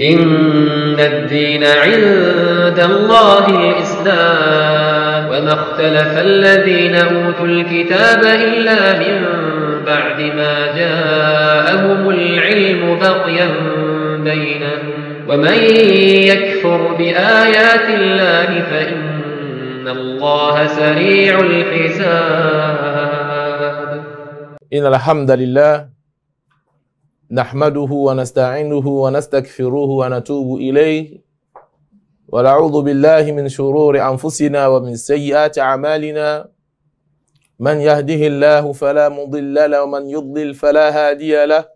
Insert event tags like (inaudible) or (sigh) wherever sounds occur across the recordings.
إن الدين عند الله الإسلام وما اختلف الذين أوتوا الكتاب إلا من بعد ما جاءهم العلم بغيا بينهم ومن يكفر بآيات الله فإن الله سريع الحساب إن الحمد لله نحمده ونستعينه ونستكفره ونتوب إليه ونعوذ بالله من شرور أنفسنا ومن سيئات أعمالنا من يهده الله فلا مضل له ومن يضلل فلا هادي له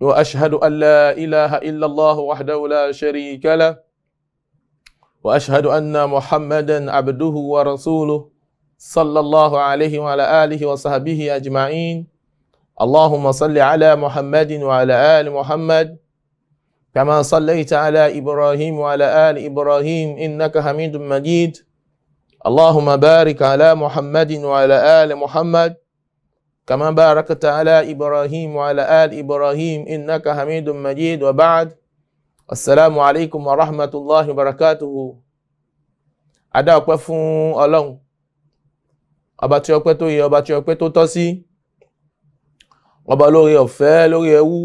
وأشهد أن لا إله إلا الله وحده لا شريك له وأشهد أن محمدا عبده ورسوله صلى الله عليه وعلى آله وصحبه أجمعين اللهم صل على محمد وعلى آل محمد كما صليت على إبراهيم وعلى آل إبراهيم إنك حميد مجيد اللهم بارك على محمد وعلى آل محمد كما باركت على إبراهيم وعلى آل إبراهيم إنك حميد مجيد وبعد السلام عليكم ورحمة الله وبركاته أدعوك فون ألون أبا تيوكتو يا أبا تيوكتو تسي ọba lórí ọ̀fẹ́ lórí ẹwú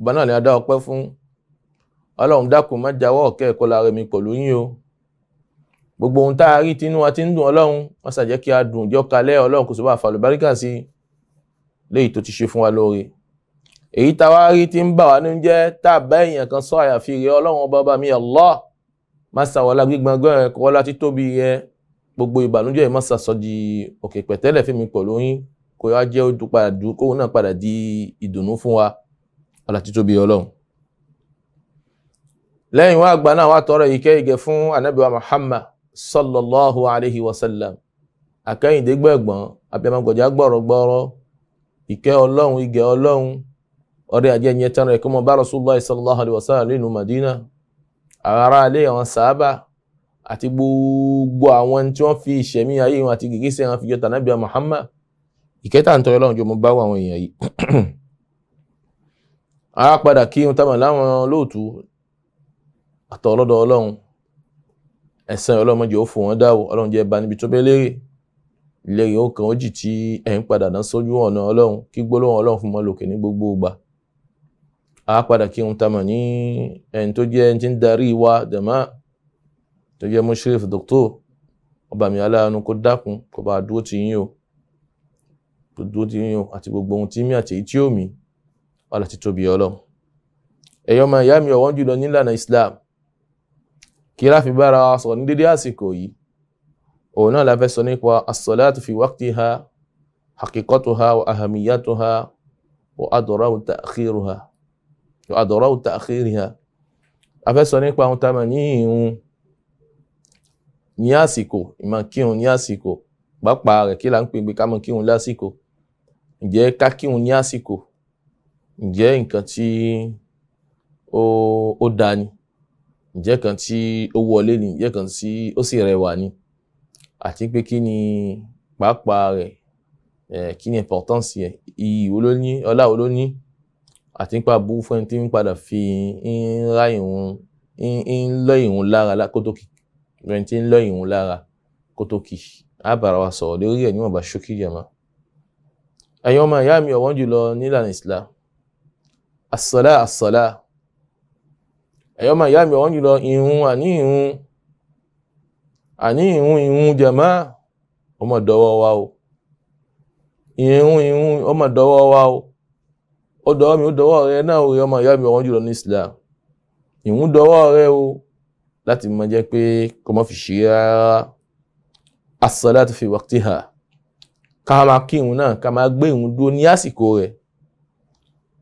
ọba náà ni a dá ọpẹ́ fún ọlọ́run dákun má jáwọ́ ọ̀kẹ́ ẹ̀kọ́ lára mi pẹ̀lú yín o gbogbo ohun tá a rí tinú wa ti ń dùn ọlọ́run wọ́n ṣàjẹ́ kí a dùn jọ kalẹ́ ọlọ́run kò sì bá a fàlù báríkà sí i léyìí tó ti ṣe fún wa lóore èyí tá a wá rí ti ń bà wá nínú jẹ́ tá a bá èèyàn kan sọ àyàfi rẹ ọlọ́run ọba ọba mi Allah má ṣàwọlá gbígbọ́ngàn rẹ kọ́lá títóbi rẹ gbogbo ìbànújẹ́ má ṣàsọ di òkè pẹ̀tẹ́lẹ̀ fún mi pẹ̀lú yín kó wá jẹ́ ojú padà dùn kóun náà padà di ìdùnnú fún wa ọlá títóbi ọlọ́run. lẹ́yìn wá àgbà náà wá tọrọ ìkẹ́ ìgẹ̀ fún anábìwá Muhammad sallallahu alayhi wa sallam àkẹ́yìndé gbẹ̀gbọ́n abẹ́mọ̀gbọ̀jà gbọ̀rọ̀ gbọ́rọ̀ ìkẹ́ ọlọ́run ìgẹ̀ ọlọ́run ọrẹ ajé ẹni ẹtàn rẹ kó mọ bá rasulullah sallallahu alayhi wa sallam nínú madina ara alẹ àwọn sábà àti gbogbo àwọn tí wọ́n fi ìṣẹ̀mí ayé wọn àti gègésẹ̀ wọn fi jọ tànàbíà Muhammad ìkẹta ń tọrọ lọ́run jọ mo bá wà àwọn èèyàn yìí (clears throat) a padà kí n tamọ̀ láwọn lóòtú àtọ̀ ọlọ́dọ̀ ọlọ́run ẹ̀sán ọlọ́run jẹ́ ó fò wọ́n dáwọ́ ọlọ́run jẹ́ bá níbi tó bẹ́ lérè lérè ó kàn ó jì tí ẹ̀ ń padà dán sójú ọ̀nà ọlọ́run kí gbólóhùn ọlọ́run fún mọ́ lòkè ní gbogbo ìgbà a padà kí n tamọ̀ ní ẹni tó jẹ́ ẹni tí ń darí wa dẹ̀mọ́ tó jẹ́ mushrif doctor ọba mi aláàánú kó dákun kó bá dúró tì yín o dúró ti yín o àti gbogbo ohun tí mí àti èyí tí ó mí wà láti tóbi ọlọ́run ẹ̀yọ́ ọmọ ìyá mi ọ̀wọ́n jùlọ nílànà Islam kí láfi bára wa sọ̀rọ̀ ní dédé àsìkò yìí òun náà la sọ nípa as-salatu fi waqtiha haqiqatuha wa ahamiyatuha wa adraru ta'khiruha wa adraru ta'khiriha a fẹ́ sọ nípa ohun tá a mọ̀ ní ìhun ní àsìkò ìmọ̀ kírun ní àsìkò pàápàá rẹ̀ kí là ń pè pé ká mọ̀ kírun lásìkò ǹjẹ́ ká kírun ní àsìkò ǹjẹ́ nǹkan tí ó ó da ni ǹjẹ́ kan tí ó wọlé ni ǹjẹ́ kan tí ó sì rẹwà ni àti pé kí ni pàápàá rẹ̀ ẹ̀ kí ni importance ẹ̀ iyì wo ló ní ọlá wo ló ní àti nípa burú fún ẹni tí ń padà fi ń ra ìrun ń lọ ìrun lára kótókì ẹni tí ń lọ ìrun lára kótókì á bára wa sọ̀rọ̀ lórí ẹ̀ níwọ̀nba ṣókí jẹ̀mọ́ ẹ̀yin ọmọ ìyá mi ọ̀wọ́n jùlọ nílànà islam asọ́lá asọ́lá ẹ̀yin ọmọ ìyá mi ọ̀wọ́n jùlọ ìhun àní ìhun àní ìhun ìhun jẹ̀mọ́ ọmọ dọ́wọ́ wa o ìhun ìhun ọmọ dọ́wọ́ wa o ó dọ́wọ́ mi ó dọ́wọ́ rẹ náà o ọmọ ìyá mi ọ̀wọ́n jùlọ ní islam ìhun dọ́wọ́ rẹ o láti mọ jẹ́ pé kọ́mọ́ fi ṣe rárá asọ́lá tó fi waqtiha ká máa kírun náà ká máa gbé ìrun dúró ní àsìkò rẹ̀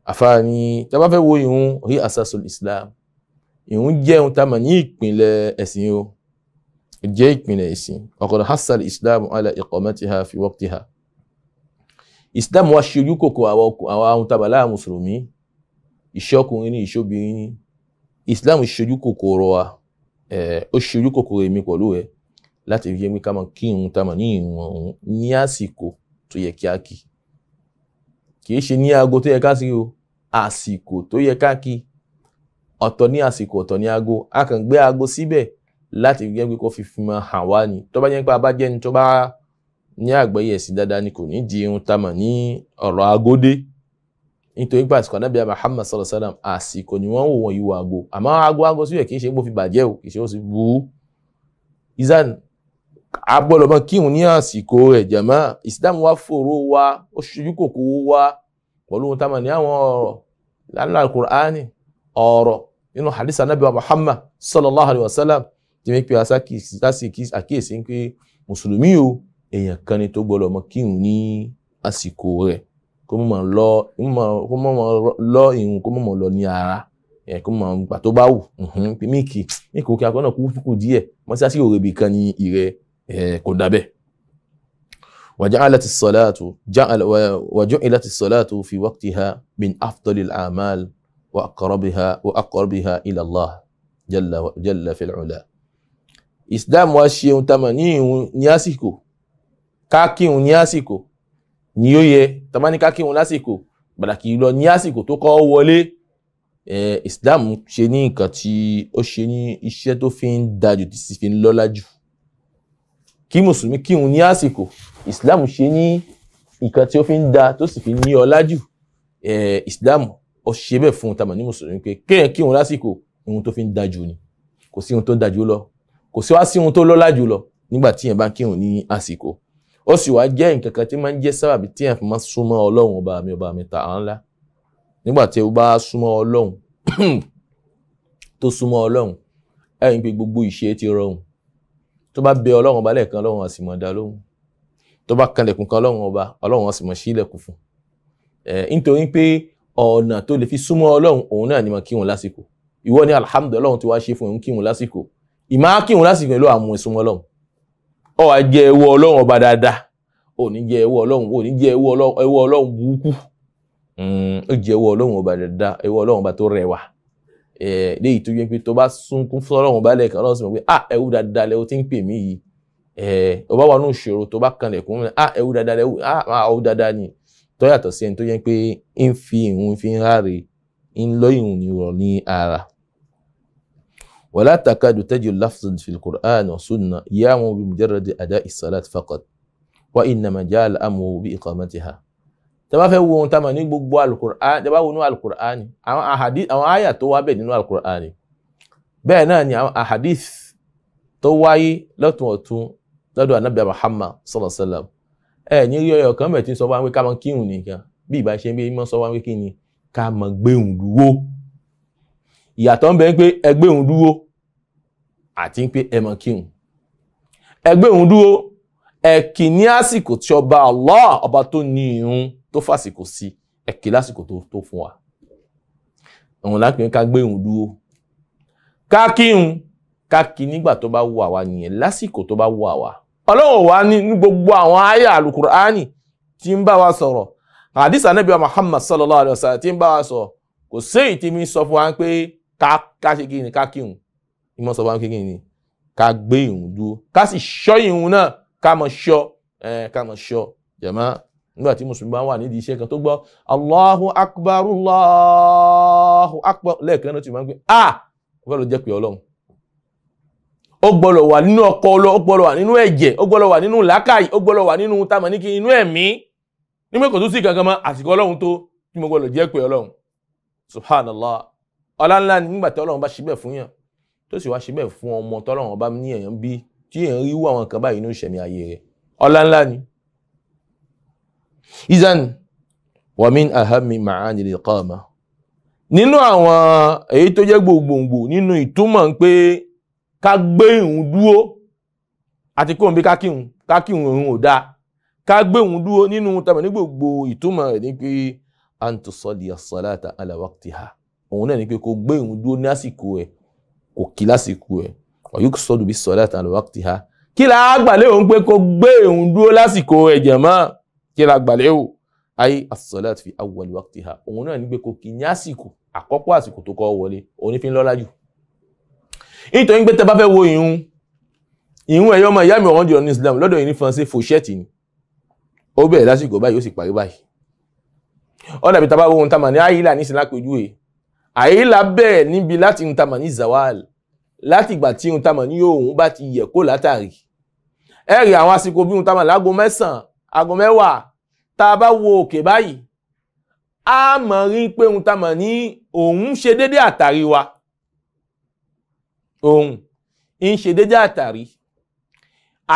àfáà ni tá bá fẹ́ wo ìrun orí asasul islam ìrun jẹ́ ohun tá a mọ̀ ní ìpìlẹ̀ ẹ̀sìn o jẹ́ ìpìlẹ̀ ẹ̀sìn ọ̀kọ̀dà hasan islam ala iqamatiha fi waqtiha islam wa ṣe ojú kòkò àwọn ohun tá a bá láà mùsùlùmí ìṣọ́kùnrin ní ìṣóbìnrin ní islam ṣojú kòkò rọ wa ó ṣojú kòkò èmi pẹ̀lú ẹ̀ láti fi jẹ́ pé ká máa kí irun tá a máa ní ìrun ọ̀hún ní àsìkò tó yẹ kí á kí kì í ṣe ní aago tó yẹ ká sí o àsìkò tó yẹ ká kí ọ̀tọ̀ ní àsìkò ọ̀tọ̀ ní aago a kàn gbé aago síbẹ̀ láti fi jẹ́ kó fi fi máa hàn wá ni tó bá jẹ́ pé a bá jẹ́ ni tó bá ní àgbẹ̀yẹ ẹ̀sìn dáadáa ni kò ní di irun tá ní ọ̀rọ̀ aago dé nítorí pé àsìkò anábìyà Muhammad sallallahu alayhi wa sallam àsìkò ni wọ́n wò wọ́n yíwọ aago àmọ́ aago aago síbẹ̀ kì í ṣe gbó fi bàjẹ́ o kì í ṣe ó sì bú ìzánì agbọ́dọ̀ mọ kírun ní àsìkò rẹ̀ jẹ̀mọ́ ìsìlámù wa fòrò wa ó ṣojú kòkòrò wa pẹ̀lú ohun táwọn ní àwọn ọ̀rọ̀ lánàá alukur'ani ọ̀rọ̀ nínú hadith anabi wa muhammad sallallahu alayhi wa sallam ti mi pe àkíyèsí ń pé mùsùlùmí o èèyàn kan ni tó gbọ́dọ̀ mọ kírun ní àsìkò rẹ̀ kó mọ̀ lọ kó mọ̀ lọ ìrun kó mọ̀ lọ ní ara kó mọ̀ gbà tó bá wù mhm, míìkì míìkì òkè akọ́nà kú díẹ̀ mọ́sí àsìkò rẹ̀ bìkan ni ìrẹ́ Eh, kò dábẹ́ wàjáàlátì sọ́látù wàjúìlátì sọ́látù fi waqtiha min afdalil amal wa aqrabiha wa aqrabiha ila Allah jalla fil ula islam wa ṣe ohun tamà ní ìhun ní àsìkò kákíhun ní àsìkò ní ó yẹ tamà ní kákíhun lásìkò pàtàkì lọ ní àsìkò tó kọ́ wọlé eh, islam ṣe ní nǹkan tí ó ṣe ní iṣẹ́ tó fi ń dájú tí sì fi ń lọ́lá kí mùsùlùmí kírun ní àsìkò islam ṣe ní nǹkan tí ó fi ń da tó sì fi ní ọlá jù islam ó ṣe bẹ́ẹ̀ fún un tamọ̀ ní mùsùlùmí pé kéèyàn kírun lásìkò ohun tó fi ń da jù ni kò sí ohun tó ń da jù lọ kò sí wá sí ohun tó lọ́lá jù lọ nígbà tí yẹn bá kírun ní àsìkò ó sì wá jẹ́ nǹkan kan tí máa ń jẹ́ sábàbí tí yẹn fi máa súnmọ́ ọlọ́run ọba mi ọba mi ta à ńlá nígbà tí o bá súnmọ́ ọlọ́run (clears throat) tó súnmọ́ ọlọ́run ẹ̀yìn pé gbogbo ìṣe ti rọrùn tó bá bẹ ọlọ́run ọba lẹ́ẹ̀kan ọlọ́run á sì máa dá lóhùn tó bá kanlẹ̀kùn kan ọlọ́run ọba ọlọ́run á sì máa ṣílẹ̀kùn fún ẹ nítorí pé ọ̀nà tó lè fi súnmọ́ ọlọ́run òun náà ni máa kírun lásìkò ìwọ ni alhamdulilayi ọlọ́run ti wá ṣe fún òun kírun lásìkò ìmá kírun lásìkò ló àmú ìsúnmọ́ ọlọ́run ó wá jẹ ẹwọ́ ọlọ́run ọba dáadáa ó ní jẹ ọlọ́run ọba dáadáa Eh, léyìí tó yẹ pé tó bá sunkún fọlọ́run bá lẹ́ẹ̀kan ọlọ́run sì mọ̀ pé ah ẹ̀wù dáadáa lẹ́wọ́ tí ń pè mí yìí eh, ó bá wà ní òṣèrò tó bá kanlẹ̀ kún mọ́ ah, ẹ̀wù dáadáa lẹ́wọ́ ah ẹ̀wù ah, dáadáa ni tó yàtọ̀ sí ẹni tó yẹ pé ń fi ìhun fi ń ráre ń lọ ìhun ní rọ̀ ní ara. wala takadu tajid lafzan fil qur'an wa sunna yamu bi mujarrad ada is-salat faqat wa innama ja'a al-amru bi iqamatiha tẹ́bá fẹ́ wo ohun tá a mọ̀ ní gbogbo alukur'an tẹ́bá wo inú alukur'an àwọn ahadi àwọn àyà tó wá bẹ̀ nínú alukur'an bẹ́ẹ̀ náà ni àwọn ahadith tó wáyé lọ́tún ọ̀tún lọ́dọ̀ anabi muhammad sallallahu alayhi wa sallam ẹ̀ ní rí ọyọ kan mẹ̀tí sọ wá pé ká mọ kírun nìkan bí ìbá ṣe ń bí mọ́ sọ wá pé kí ni ká mọ gbéhùn dúró ìyàtọ̀ ń bẹ pé ẹ gbéhùn àti pé ẹ mọ kírun ẹ gbéhùn ẹ kì ní àsìkò tí ọba allah ọba tó ní irun tó fàsìkò sí ẹ kì lásìkò tó tó fún wa òun lápẹ ká gbé òun dúró ká kírun ká kí nígbà tó bá wù àwa nìyẹn lásìkò tó bá wù àwa ọlọ́run wa ní gbogbo àwọn àyà alukur'ani tí ń bá wa sọ̀rọ̀ àdìsá nàbí wa Muhammad sallallahu alayhi wa sallam tí ń bá wa sọ̀rọ̀ kò séyìí tí mi sọ fún wa pé ká ṣe kí ni ká kírun ìmọ̀ sọ fún wa kí ni ká gbé ìhùn dúró ká sì ṣọ́ ìhùn náà ká mọ̀ ṣọ́ ká mọ̀ ṣọ́ jẹ̀mọ́ nígbà tí mùsùlùmí bá wà nídìí iṣẹ́ kan tó gbọ́ Allahu akbar Allahu akbar lẹ́ẹ̀kan náà ti máa ń gbé a wọ́n jẹ́ pé ọlọ́run ó gbọ́dọ̀ wà nínú ọpọlọ ó gbọ́dọ̀ wà nínú ẹ̀jẹ̀ ó gbọ́dọ̀ wà nínú làákàyè ó gbọ́dọ̀ wà nínú tamọ̀ ní kí inú ẹ̀mí nígbà kò izan wa min ahammi ma'ani liqama nínú àwọn èyí tó jẹ́ gbòǹgbò nínú ìtumọ̀ ń pé ká gbé ìhun dúó àti kóhùn bí kákíhun kákíhun òun ò dáa ká gbé ìhun dúó nínú tàbí ní gbogbo ìtumọ̀ rẹ̀ ní pé antusọ́lì as-salata ala waqtiha òun náà ní pé kó gbé ìhun dúó ní àsìkò ẹ̀ kò kí lásìkò wa yuqsadu bis-salata ala waqtiha kí làá gbà léwu pé kó gbé ìhun dúó lásìkò ẹ̀ kí la gbàlẹ́ o ayé as-salat fi awwal waqtiha òun náà ní pé kò kì í ní àsìkò àkọ́kọ́ àsìkò tó kọ́ wọlé onífin lọ́lá jù nítorí pé tẹ́ bá fẹ́ wo ìhun ìhun ẹ̀yọ́ ọmọ ìyá mi ọ̀rọ̀ jùlọ ní Islam lọ́dọ̀ yìí ní fọ́nsẹ́ fòṣẹ́ẹ̀tì ni ó bẹ̀rẹ̀ lásìkò báyìí ó sì parí báyìí ó dàbí tá a ohun tá a ní sinla pẹ̀lú ẹ̀ àyílà bẹ̀rẹ̀ níbi láti ohun tá zawal láti ìgbà tí ohun tá a mà bá ti yẹ̀ kó látàrí ẹ̀rì àwọn àsìkò bí ohun tá a mẹ́sàn-án aago mẹ́wàá tá a bá wo òkè báyìí a mọ̀ rí pé ohun tá a mọ̀ ní òun ṣe déédéé àtàrí wa òun ń ṣe déédéé àtàrí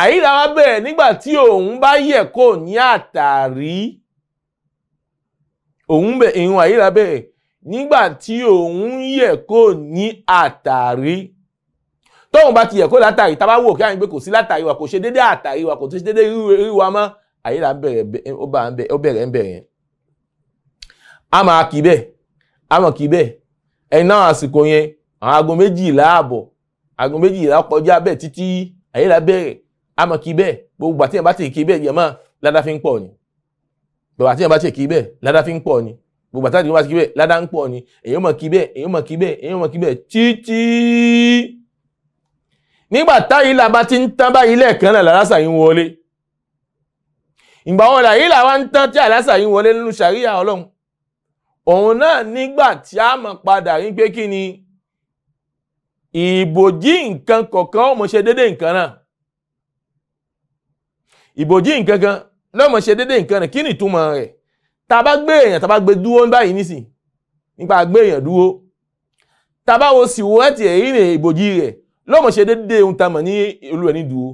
àyíra wa bẹ̀rẹ̀ nígbà tí òun bá yẹ̀ kó ní àtàrí òun bẹ̀ ìrun àyíra bẹ̀rẹ̀ nígbà tí òun yẹ̀ kó ní àtàrí tóun bá ti yẹ̀ kó látàrí tá a bá wò kí àyìn kò sí látàrí wa kò ṣe déédéé àtàrí wa kò ṣe déédéé ríru wa mọ́ àyílà ó bẹ̀rẹ̀ ń bẹ̀rẹ̀ a máa kì bẹ́ẹ̀ a máa kì bẹ́ẹ̀ ẹ̀yìn náà àsìkò yẹn àwọn aago méjìlá àbọ̀ aago méjìlá kọjá bẹ́ẹ̀ títí àyílà bẹ̀rẹ̀ a máa kì bẹ́ẹ̀ gbogbo àti ìyàbá tèkì bẹ́ẹ̀ yẹn máa ládá fi ń pọ̀ ni gbogbo àti ìyàbá tèkì bẹ́ẹ̀ ládá fi ń pọ̀ ni gbogbo àti ìyàbá tèkì bẹ́ẹ̀ ládá ń pọ̀ ni èyàn máa kì bẹ́ẹ̀ èyàn máa kì bẹ́ẹ̀ èyàn máa kì bẹ́ẹ̀ títí nígbà táyìlà bá ti ń tán báyìí lẹ́ẹ̀kan náà làlásà yìí wọlé ìgbà wọn là yìí làwa ń tán tí àlásà yìí wọlé nínú sàríyà ọlọ́run òun náà nígbà tí a mọ̀ padà rí pé kí ni ìbòjí nǹkan kọ̀ọ̀kan ó mọ̀ ṣe dédé nǹkan náà ìbòjí nǹkan kan lọ́mọ ṣe dédé nǹkan náà kí ni ìtumọ̀ rẹ̀ tá a bá gbé èèyàn tá a bá gbé dúró báyìí nísìn nípa gbé èèyàn dúró tá bá wo sì wọ́n ìbòjí rẹ̀ lọ́mọ ṣe dédé ohun tá mọ̀ ní olú ní dúró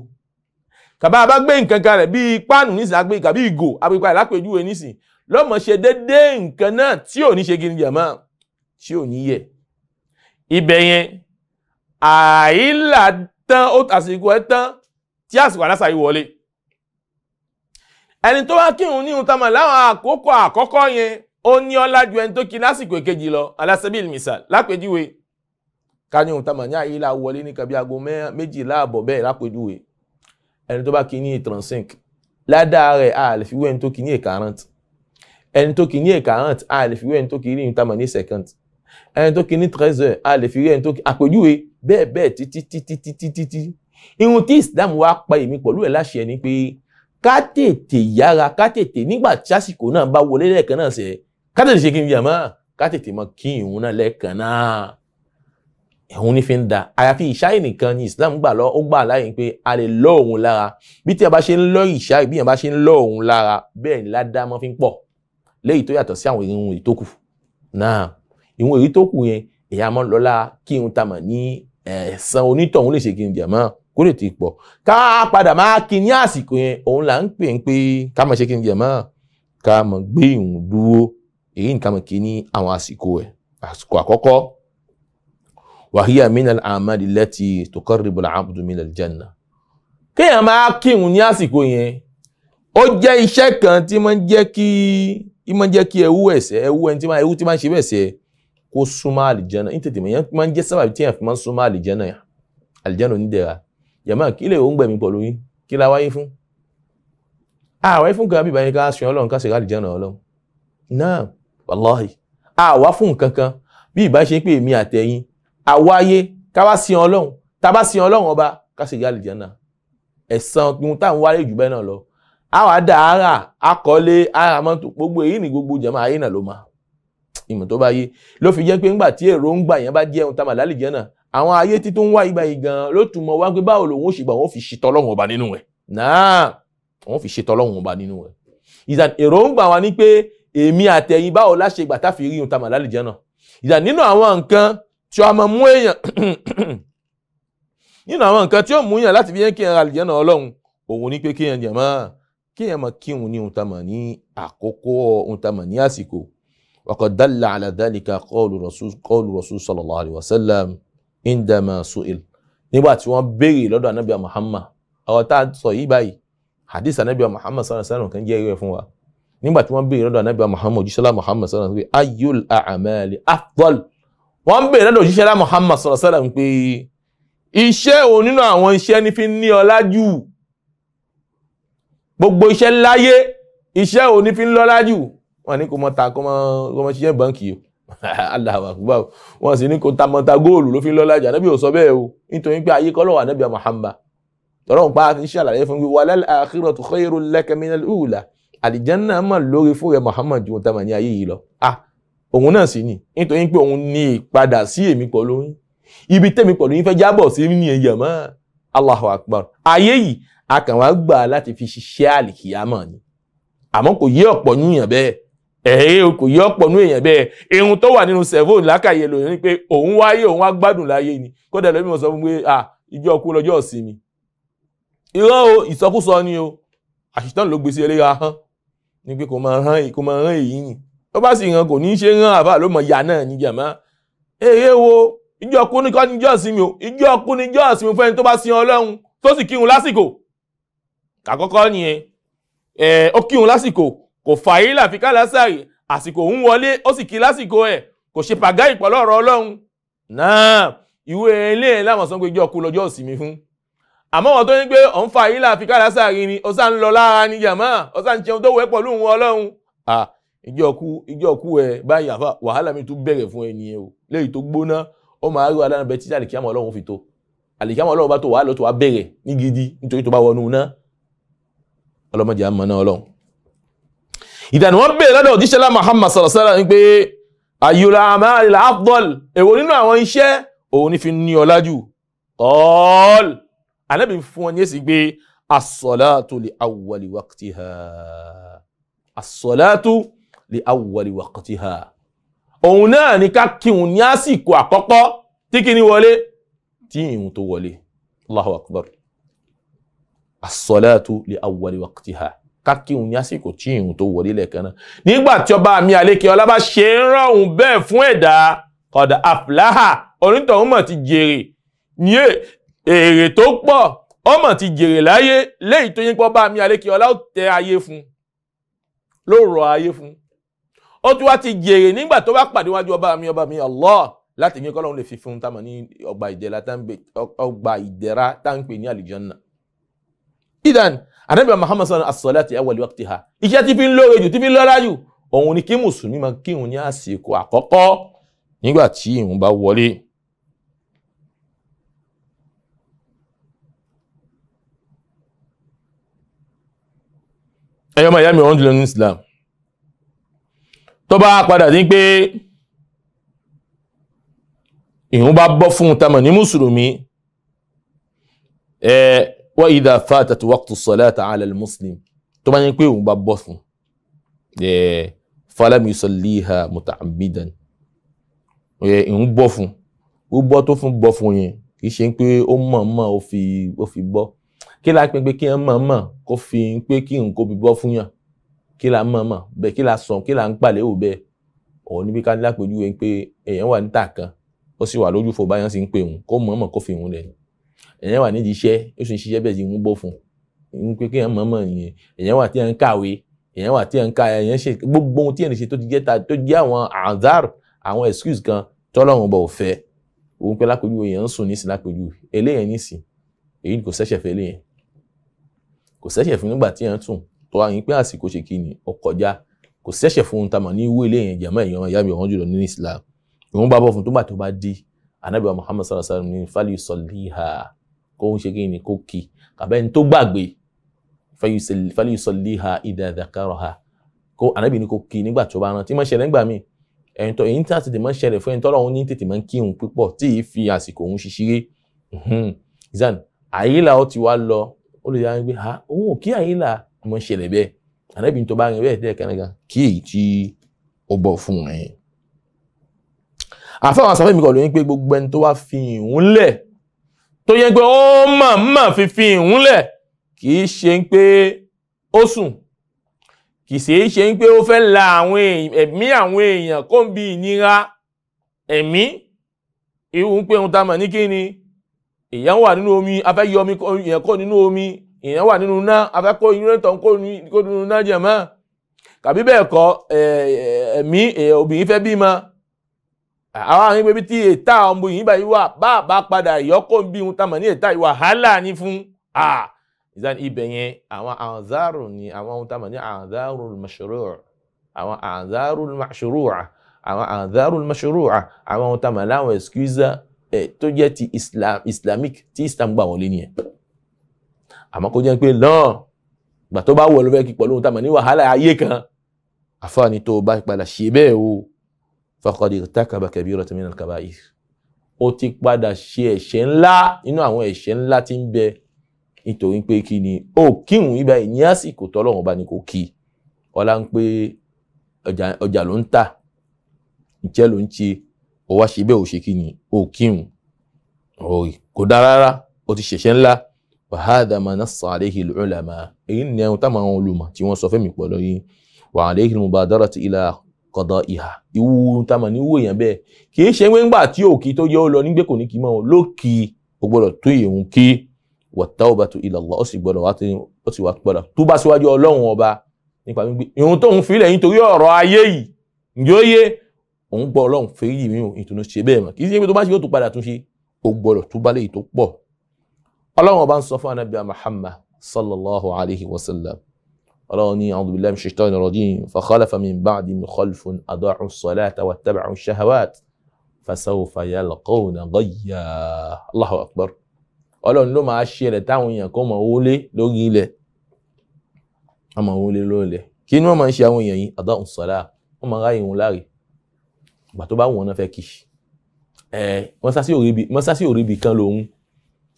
kàbá bá gbé nǹkan kan rẹ̀ bíi páànù nísìnyí àgbé kàbí ìgò àpèpà ìlápèjúwe nísìn lọ́mọ ṣe dédé nǹkan náà tí ò ní ṣe kí ni jàmọ́ tí ò ní yẹ. ibẹ̀ yẹn àìlà tán ó àsìkò ẹ tán tí àsìkò àdásà yìí wọlé. ẹni tó wá kírun ní ìhun tamọ̀ láwọn àkókò àkọ́kọ́ yẹn ó ní ọlá ju ẹni tó kí lásìkò èkejì lọ aláṣẹ́bíl misal lápèjúwe ká ní ìhun tamọ̀ ní àìlà ní kàbí ẹni tó bá kí ní ìtransinc ládàá rẹ̀ a lè fi wé ẹni tó kí ní ìkarant ẹni tó kí ní ìkarant a lè fi wé ẹni tó kí ní ìtamọ̀ ní second ẹni tó kí ní treasure a lè fi wé ẹni tó kí àpèjúwe bẹ́ẹ̀ bẹ́ẹ̀ títí títí títí títí irun tí Islam wá pa èmi pọ̀lú ẹ̀ láṣẹ ni pé ká tètè yára ká tètè nígbà tí àsìkò náà bá wọlé lẹ́ẹ̀kan náà sẹ́ ká tètè ṣe kí n yàmá ká tètè mọ kí ìrun náà lẹ́ẹ̀kan náà òun ní fi ń da àyàfi ìṣáì nìkan ni Islam gbà lọ ó gbà láyé pé a lè lọ òun lára bí tí a bá ṣe ń lọ ìṣáì bí yẹn bá ṣe ń lọ òun lára bẹ́ẹ̀ ni ládàmọ́ fi ń pọ̀ léyìí tó yàtọ̀ sí àwọn irun èyí tó kù náà irun èyí tó kù yẹn èyà mọ́ lọ́la kí irun ta mọ̀ ní ẹ̀sán onítọ̀hún lè ṣe kí n jẹ̀ mọ́ kó lè ti pọ̀ ká padà máa kí ní àsìkò yẹn òun là ń pè pé ká mọ̀ ṣe kí n jẹ̀ mọ́ ká mọ̀ gbé ìrùn dúró èyí nìkan mọ̀ kí ní àwọn àsìkò ẹ̀ àsìkò àkọ́kọ́ wàhíyà minal amadi lẹ́tì tó kọ́rìbù làbùdù minal janna. kéèyàn máa kírun ní àsìkò yẹn ó jẹ́ iṣẹ́ kan tí máa ń jẹ́ kí í máa ń jẹ́ kí ẹwú ẹ̀sẹ̀ ẹwú ẹni tí máa ẹwú tí máa ń ṣe bẹ́ẹ̀ sẹ́ kó súnmọ́ àlìjánà ní tètè mọ̀yán máa ń jẹ́ sábàbí tí èèyàn fi máa ń súnmọ́ àlìjánà àlìjánà onídẹ̀ra yàmá kí lè ó ń gbẹ̀mí pọ̀lú yín kí la wáyé fún àwáyé fún kan bíbá yín ká sun ọlọ́run ká sì rí àlìjánà ọlọ́run náà wàláhì àwá fún nǹkan kan bí ìbá ṣe pé èmi àtẹ̀yìn àwáyé ká wá sí ọlọ́run tá a bá sí ọlọ́run ọba ká sì yá àlìjánà ẹ̀san ohun táwọn wáyé jù bẹ́ẹ̀ náà lọ àwọn àdáhàrà akọ́lé ara mọ́tò gbogbo èyí ni gbogbo jẹ̀mọ́ ayé náà ló máa ìmọ̀ tó bá yé ló fi jẹ́ pé ńgbà tí èròǹgbà yẹn bá jẹ́ ohun táwọn àlìjánà àwọn ayé tí tó ń wá ìgbà yìí gan ló tún mọ wá pé báwo lòun ó ṣe gbà wọn fi ṣe tọlọ́run ọba nínú ẹ̀ náà wọn fi ṣe tọlọ́run ọba nínú ẹ̀ ìdàn èròǹgbà wa ni pé èmi àtẹ̀yìn báwo láṣe gbà táfi rí ohun táwọn àlìjánà ìdàn nínú àwọn nǹkan tí ó máa mú èèyàn (clears throat) nínú àwọn nǹkan tí ó mú èèyàn láti fi yẹn kí èèyàn àlìjẹ́nà ọlọ́run òun ni pé kí èèyàn jẹ̀mọ́ kí èèyàn máa kí òun ní òun tamọ̀ ní àkókò òun tamọ̀ ní àsìkò waqad dalla ala dhalika qawlu rasul qawlu rasul sallallahu alayhi wa sallam indama su'il nígbà tí wọ́n béèrè lọ́dọ̀ anabi muhammad àwọn tá a sọ yìí báyìí hadith anabi muhammad sallallahu alayhi wa sallam kan jẹ́ ìwé fún wa nígbà tí wọ́n béèrè lọ́dọ̀ anabi muhammad ojúṣọlá muhammad sallallahu alayhi wa sallam ayul wọ́n ń bèèrè lọ́dọ̀ òjíṣẹ́ lá Muhammad sallallahu alaihi wasallam pé iṣẹ́ òun nínú àwọn iṣẹ́ ní fi ní ọlá jù gbogbo iṣẹ́ láyé iṣẹ́ òun ní fi ń lọ́lá jù wọ́n ní kò mọ kó mọ ṣiṣẹ́ báǹkì o (laughs) aláwà gbà wọ́n sì ní kò ta mọ́ta góòlù ló fi lọ́lá jù ànábì ò sọ bẹ́ẹ̀ o nítorí pé ayé kọ́lọ́wà ànábì Muhammad tọ́lọ́run pa ń ṣàlàyé fún mi walal akhiratu khayrun laka minal ula àlìjánná lórí fún rẹ Muhammad ju ta ayé yìí lọ òun náà sì ni nítorí pé òun ní ìpadà sí èmi pọ̀ lóyún ibi tẹ́mi pọ̀ lóyún fẹ́ jábọ̀ sí ní èyàn mọ́ Allahu Akbar ayé yìí a kàn wá gbà láti fi ṣiṣẹ́ àlìkìyàmọ̀ ni àmọ́ kò yé ọ̀pọ̀ yúnyàn bẹ́ẹ̀ ẹ̀ẹ́ kò yé ọ̀pọ̀ nú èèyàn bẹ́ẹ̀ irun tó wà nínú sẹ̀fóòn lákàyè lòyìn ni pé òun wáyé òun wá gbádùn láyé ni kódà lómi wọn sọ fún pé à ìjọ ọkú lọ́jọ́ ìsinmi irọ́ o ìsọkúsọ ni ni tó bá sì ràn kò ní ṣe ràn àbá ló mọ̀ ìyá náà ní jàmá èyí wo ìjọ kú ní kọ́ni ìjọ ìsinmi o ìjọ kú ní ìjọ ìsinmi fún ẹni tó bá sin ọlọ́run tó sì kírun lásìkò àkọ́kọ́ nìyẹn ẹ ó kírun lásìkò kò fà yí làfi ká lásàrì àsìkò ń wọlé ó sì kí lásìkò ẹ kò ṣe pàgá ìpọ̀lọ́ ọ̀rọ̀ ọlọ́run náà ìwé ilé ẹ̀ láwọn sọ pé ìjọ kú lọ́jọ́ ìsinmi fún àmọ́ wọn tó ní pé ọ̀n fà yí lásàrì ni ọ̀sán lọ lára ni jàmá ọ̀sán jẹun tó wẹ́ pọ̀lú òun ọlọ́run ìjọkú ìjọkú ẹ báyìí àfa wàhálà mi tún bẹ̀rẹ̀ fún ẹni ẹ o léyìí tó gbóná ó máa rí adáná bẹ títí àlìkíyàmọ̀ ọlọ́run fi tó àlìkíyàmọ̀ ọlọ́run bá tó wàhálà tó wá bẹ̀rẹ̀ ní gidi nítorí tó bá wọnú náà ọlọ́mọdé àmọ́ náà ọlọ́run. ìdànù wọn bèèrè lọ́dọ̀ òjíṣẹ́lá Muhammad sàlọ́sàlá ni pé ayyul a'malil afdal èwo nínú àwọn iṣẹ́ òun ní fi ní ọlájú qal anábì fún wọn yé sí pé as-salatu li awwali waqtiha as-salatu li awwali waqtiha òun náà ni ká kíhun ní àsìkò àkọ́kọ́ tí kí ni wọlé tí ìhun tó wọlé Allahu akbar as-salatu li awwali waqtiha ká kíhun ní àsìkò tí ìhun tó wọlé lẹ́ẹ̀kan náà nígbà tí ọba mi àlékè ọlá bá ṣe ń rọrùn bẹ́ẹ̀ fún ẹ̀dá kódà afláhà onítọ̀hún mọ̀ ti jèrè ní èrè tó pọ̀ ọmọ ti jèrè láyé léyìí tó yín pọ́ bá mi àlékè ọlá ó tẹ ayé fún ló ayé fún ó tún wá ti jèrè nígbà tó bá pàdé wájú ọba mi ọba mi Allah láti yín kọ́lọ́run lè fi fún táwọn ní ọgbà ìdẹ̀ra ọgbà ìdẹ̀ra táǹpẹ̀ ní àlìjọ́nà. idan anabi muhammad sallallahu alaihi wasallam ti awwal waqtiha iṣẹ́ tí fi ń lóore jù tí fi ń lọ́ra jù òun ni kí mùsùlùmí máa kírun ní àsìkò àkọ́kọ́ nígbà tí ìrun bá wọlé. ẹ̀yọ́ máa yá mi ọ̀rọ̀ jùlọ ní islam tó bá padà sí pé ìhun bá bọ́ fún un tamọ̀ ní mùsùlùmí ẹ wa idha fatat waqtu salata ala al-muslim tó bá yẹ pé òun bá bọ́ fún ẹ falam yusalliha muta'ammidan ẹ ìhun bọ́ fún ó bọ́ tó fún bọ́ fún yẹn kì í ṣe pé ó mọ̀ mọ̀ ó fi bọ́ kí lápẹ́ pé kí ẹ mọ̀ mọ̀ kó fi pé kí n kó fi bọ́ fún yàn kí la mọ̀ mọ̀ bẹ́ẹ̀ kí la sàn kí la ń pàlẹ́ wò bẹ́ẹ̀ ọ̀ níbi ká lápẹ̀jú ẹ pé èèyàn wà níta kan ó sì wà lójú fò báyọ̀ sí ń pè òun kó mọ̀ mọ̀ kó fi òun lẹ̀ èèyàn wà nídìí iṣẹ́ ó sì ń ṣiṣẹ́ bẹ́ẹ̀ sì ń bó fún un pé kí èèyàn mọ̀ mọ̀ yẹn èèyàn wà tí èèyàn ń kàwé èèyàn wà tí èèyàn ń ka èèyàn ṣe gbogbo ohun tí èèyàn ṣe tó ti jẹ́ ta tó jẹ́ àwọn azar àwọn excuse kan tọ́lọ́run bọ̀ fẹ́ òun pé lápẹ̀jú èèyàn ń sùn nísìn lápẹ̀jú eléyẹn nísìn èyí kò ṣẹ̀ṣẹ̀ fẹ́ eléyẹn kò ṣẹ̀ṣẹ̀ fún nígbà tí èèyàn tún tó wá ní pé àsìkò ṣe kí ni ọkọjá kò sẹ́sẹ̀ fún un tamọ̀ ní ìwé ilé yẹn jàmọ́ èèyàn ọmọ ìyá mi ọ̀hún jùlọ ní Islam ìwọ̀n bá bọ̀ fún tógbà tó bá di anábìá Muhammad sallallahu alayhi wa sallam ní fali sọlíha kó ń ṣe kí ni kó kì kàbẹ́ni tó gbàgbé fali sọlíha idha dhakaraha kó anábì ní kó kì nígbà tó bá rántí máa ṣẹlẹ̀ nígbà míì ẹ̀yìn èyí tí a tètè máa ṣẹlẹ̀ fún ẹ̀yìn lọ́wọ́ ní tètè máa ń kírun púpọ̀ tí ì fi àsìkò òun ṣiṣire ìzàn àyílà ó ti wá lọ ó lè yára gbé ha òun ò kí àyílà mọ́ ṣẹlẹ̀ bẹ́ẹ̀ ànábì tó bá rìn bẹ́ẹ̀ tẹ́ kẹ́nìkan kí èyí tí ó bọ̀ fún ẹ̀. àfáwọn asàfẹ́ mi kọ̀ ló ń pé gbogbo ẹni tó wá fi ìhún lẹ̀ tó yẹ pé ó mà mà fi fi ìhún lẹ̀ kì í ṣe pé ó sùn kì í ṣe pé ó fẹ́ la àwọn ẹ̀mí àwọn èèyàn kó ń bi ìnira ẹ̀mí irú pé ohun tá a ní kí ni èèyàn wà nínú omi afẹ́ omi yẹn kọ́ nínú omi ìyẹn wà nínú ná afẹ́kọ́ ìrìnàtọ̀ ń kó nínú ná jẹ̀mọ́ kàbí bẹ́ẹ̀ kọ́ ẹ̀mí obìnrin fẹ́ bímọ àwọn àwọn ibi tí ètà ọmọ yìí báyìí wà bá a bá padà yọkọ̀ bí ohun tá a mọ̀ ní ètà wàhálà ní fún ìdáni ibẹ̀ yẹn àwọn àǹzárò ni àwọn ohun tá a mọ̀ ní àǹzárò mashru'a àwọn àǹzárò mashru'a àwọn àǹzárò mashru'a àwọn ohun tá láwọn excuse tó jẹ́ ti islamic tí islam gbà wọlé nìyẹn àmọ́ kó jẹ́ pé náà gbà tó bá wọ̀ ló fẹ́ kí pọ̀ lóhun tá a mọ̀ ní wàhálà ayé kan àfààní tó bá padà ṣe bẹ́ẹ̀ o faqad irtakaba kabiratan minal kaba'ir ó ti padà ṣe ẹ̀ṣẹ̀ ńlá nínú àwọn ẹ̀ṣẹ̀ ńlá tí ń bẹ nítorí pé kí ni ó kíhùn ibà ní àsìkò tọ́lọ́run ọba ni kò kí ọlá ń pé ọjà ló ń tà ìjẹ́ ló ń ṣe ọwá ṣe bẹ́ẹ̀ ò ṣe kí ni ó kíhùn kò dára rárá ó ti ṣẹ̀ṣẹ̀ ńlá wàhádà máa ná sàn àléhì lọ́làmà èyí ni ẹ̀hún táwọn àwọn olùmọ̀ tí wọ́n sọ fẹ́mi pọ̀lọ́ yín wà àléhì mubadara ti ilà kọ̀dọ̀ ìhà ìwú táwọn ní wú èèyàn bẹ́ẹ̀ kì í ṣe wíńgbà tí òkì tó yẹ ó lọ nígbè kò ní kí mọ́ ọ lókì ó gbọ́dọ̀ tó ìhun kí wà tawbatu ila Allah ó sì gbọ́dọ̀ wá tí ó sì wá gbọ́dọ̀ tó bá síwájú ọlọ́run ọba nípa ọlọ́run ọba ń sọ fún anabi muhammad sallallahu alayhi wa sallam ọlọ́run ní a'udhu billahi minash shaitani rajim fa khalafa min ba'dihim khalfun ada'u salata wattaba'u shahawat fasawfa yalqawna ghayya allahu akbar ọlọ́run ló máa ṣe rẹ̀ táwọn èèyàn kó mọ̀ wọlé lórí ilẹ̀ ọmọ wọlé lórílẹ̀ kí ni wọ́n máa ń ṣe àwọn èèyàn yìí ada'u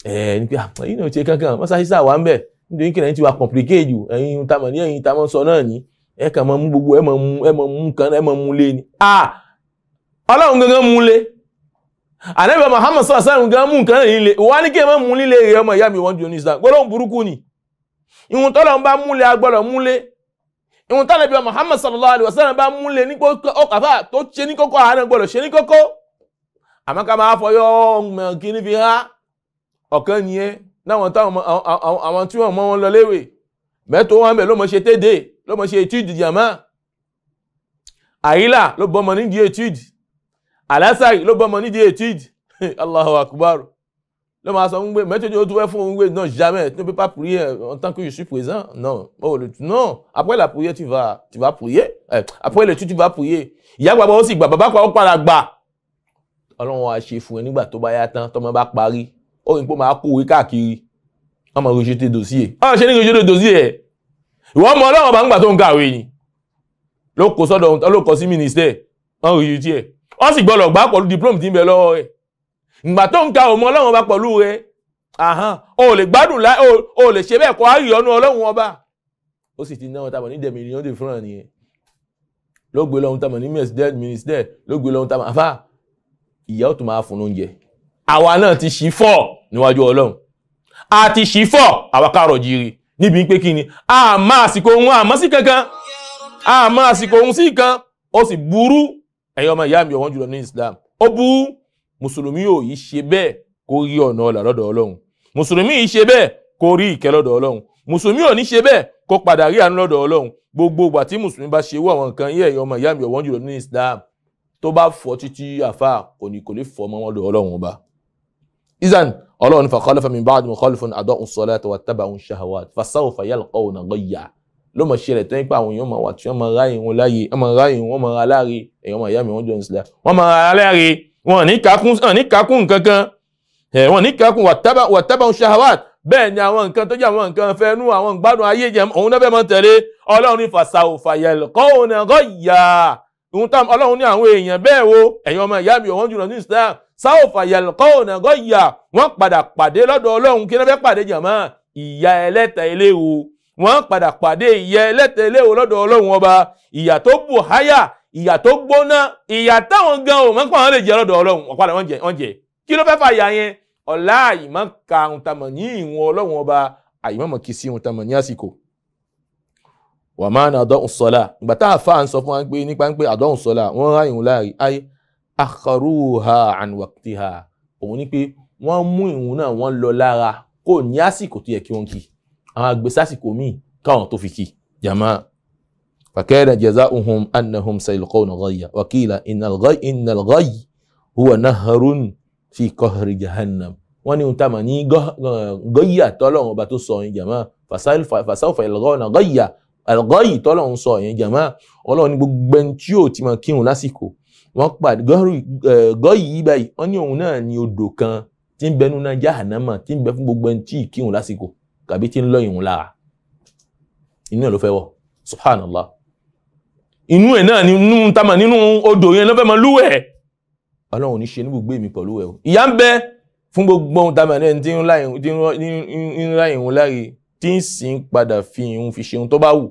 ẹ̀ẹ́n pé ẹ̀yin náà ṣe kankan mọ́ṣáláṣí sà wà ń bẹ̀ nítorí kílẹ̀ ń ti wà complicate jù ẹ̀yin tá mọ̀ ní ẹ̀yin gbogbo ẹ̀ mọ̀ mú ẹ̀ mú kan mú lé ni. ọlọ́run gangan mú lé ànábì Muhammad sọ gangan mú kí ẹ mú lílé ọmọ ìyá mi ju Islam burúkú ni tọ́lọ̀ ń bá agbọ́dọ̀ tọ́lọ̀ bí bá tó ṣe ní kókó ọ̀kan nìyẹn láwọn táwọn àwọn tí wọ́n mọ́ wọn lọ léwè mẹ́tò wọn bẹ̀ ló mọ̀ ṣe tédè ló mọ̀ ṣe étude jàmá àyílà ló bọ́mọ nídìí étude àlásàrì ló bọ́mọ nídìí étude (laughs) Allahu akbar ló máa sọ wípé mẹ́tò tó tún fẹ́ fún wípé non jamais tu ne peux pas prier en tant que je suis présent non oh le non après la prière tu vas tu vas prier eh, après le tu tu vas prier ìyá gbàgbọ́ ó sì gbà bàbá kan ó padà gbà ọlọ́run á ṣe fún ẹ nígbà tó bá yá tán tọ́mọ bá parí ó ní pé máa kó òwe káàkiri ọmọ rejete dossier ọ ṣe ní rejete dossier ìwọ ọmọ ọlọ́run bá ń gbà tó ń kàwé ni ló kó sọ́dọ̀ ló kọ sí minister wọn rejete ẹ̀ wọ́n sì gbọ́dọ̀ gbà pẹ̀lú diploma tí ń bẹ lọ́wọ́ rẹ̀ ìgbà tó ń ka ọmọ ọlọ́run bá pẹ̀lú rẹ̀ ahán o lè gbádùn láì o lè ṣe bẹ́ẹ̀ kọ́ àárí ọ̀nà ọlọ́run ọba ó sì ti náwọn tábọ̀ ní dẹ̀mí ni wọ́n ti fúnra nìyẹn ló gbé lọ́hun tábọ̀ ní minister ló gbé lọ́hun tábọ̀ àfà ìyá ó tún máa fún lóúnjẹ àwa náà ti ṣí fọ́ọ̀ níwájú ọlọ́run àti ṣífọ̀ àwakárọ̀ jírí níbi pé kí ni a máa àsìkò ohun àmọ́ sí kankan a máa àsìkò ohun sí kan ó sì burú ẹ̀yin ọmọ ìyá mi ọ̀wọ́n jùlọ ní Islam ó burú mùsùlùmí ò yí ṣe bẹ́ẹ̀ kó rí ọ̀nà ọ̀là lọ́dọ̀ ọlọ́run mùsùlùmí yìí ṣe bẹ́ẹ̀ kó rí ìkẹ́ lọ́dọ̀ ọlọ́run mùsùlùmí ò ní ṣe bẹ́ẹ̀ kó padà rí àánú lọ́dọ̀ ọlọ́run gbogbo ìgbà tí mùsùlùmí bá ṣe wú àwọn nǹkan yí ẹ̀yin ọmọ ìyá mi ọ̀wọ́n jùlọ ní Islam tó bá fọ́ títí àfà kò ní kò lè fọ́ ọmọ ọlọ́run ọba izan ọlọ́run ní fakhalafa min ba'dihim khalfun ada'u s-salata wattaba'u ash-shahawat fasawfa yalqawna ghayya ló mọ̀ ṣẹlẹ̀ tó ń pa àwọn èèyàn máa wà tí wọ́n máa ráyìn wọn láàyè wọ́n máa ráyìn wọ́n máa aláre èèyàn máa yá mi wọ́n jọ ìsìlẹ̀ wọ́n máa aláre wọn ní kakún wọn ní kakún nǹkan kan wọn ní kakún wattaba'u ash-shahawat ni àwọn nǹkan tó jẹ́ àwọn nǹkan fẹ́nu àwọn gbádùn ayé jẹ òun náà fẹ́ máa tẹ̀lé ọlọ́run fasawfa yalqawna ghayya ọlọ́run ní àwọn èèyàn bẹ́ẹ̀ wo ẹ̀yin ọmọ ìyá mi òun jùlọ ní Islam sáòfà yàlùkọ́ ọ̀nà gọ́yà wọ́n padà pàdé lọ́dọ̀ ọlọ́run kí wọ́n fẹ́ pàdé jàmọ́ ìyà ẹlẹ́ta eléwo wọ́n padà pàdé ìyà ẹlẹ́ta eléwo lọ́dọ̀ ọlọ́run ọba ìyà tó bù háyà ìyà tó gbóná ìyà táwọn gan ò mọ́pọ̀ wọn lè jẹ lọ́dọ̀ ọlọ́run ọ̀padà wọ́n jẹ wọ́n jẹ kí ló fẹ́ fà yà yẹn ọ̀la àyìmọ́ ka ohun tamọ̀ ní ìwọ̀n ọlọ́run ọba àyìmọ́ mọ̀ kí sí ohun tamọ̀ ní akharuha an waqtiha òun ni pé wọ́n mú ìrun náà wọ́n lọ lára kò ní àsìkò tó yẹ kí wọ́n kí àwọn àgbẹ̀ sásìkò míì káwọn tó fi kí jàmá fakana jazaohum annahum sayalqawna ghayya wakila innal ghayy huwa naharun fi qahri jahannam wọ́n ní ohun tá a mọ̀ ní gọ́yà tọ́lọ́run ọba tó sọ yẹn jàmá fasawfa yalqawna ghayya alghayy tọ́lọ́run sọ yẹn jàmá ọlọ́run ní gbogbo ẹni tí yóò ti máa kírun lásìkò wọ́n pàdé gọ́ọ̀yì yìí báyìí wọ́n ní òun náà ni odò kan tí ń bẹnu náà jahannama tí ń bẹ fún gbogbo ẹni tí ì kírun lásìkò kàbí tí ń lọ ìhun lára inú ẹ̀ ló fẹ́ wọ̀ subhanallah inú ẹ̀ náà nínú tamà nínú odò yẹn ló fẹ́ mọ lúwẹ̀ ọlọ́run ní ṣe ní gbogbo èmi pẹ̀lú o ìyá ń bẹ fún gbogbo ohun tamà náà tí ń ra ìhun láre tí ń sì padà fi ìhun fi ṣe ohun tó bá wù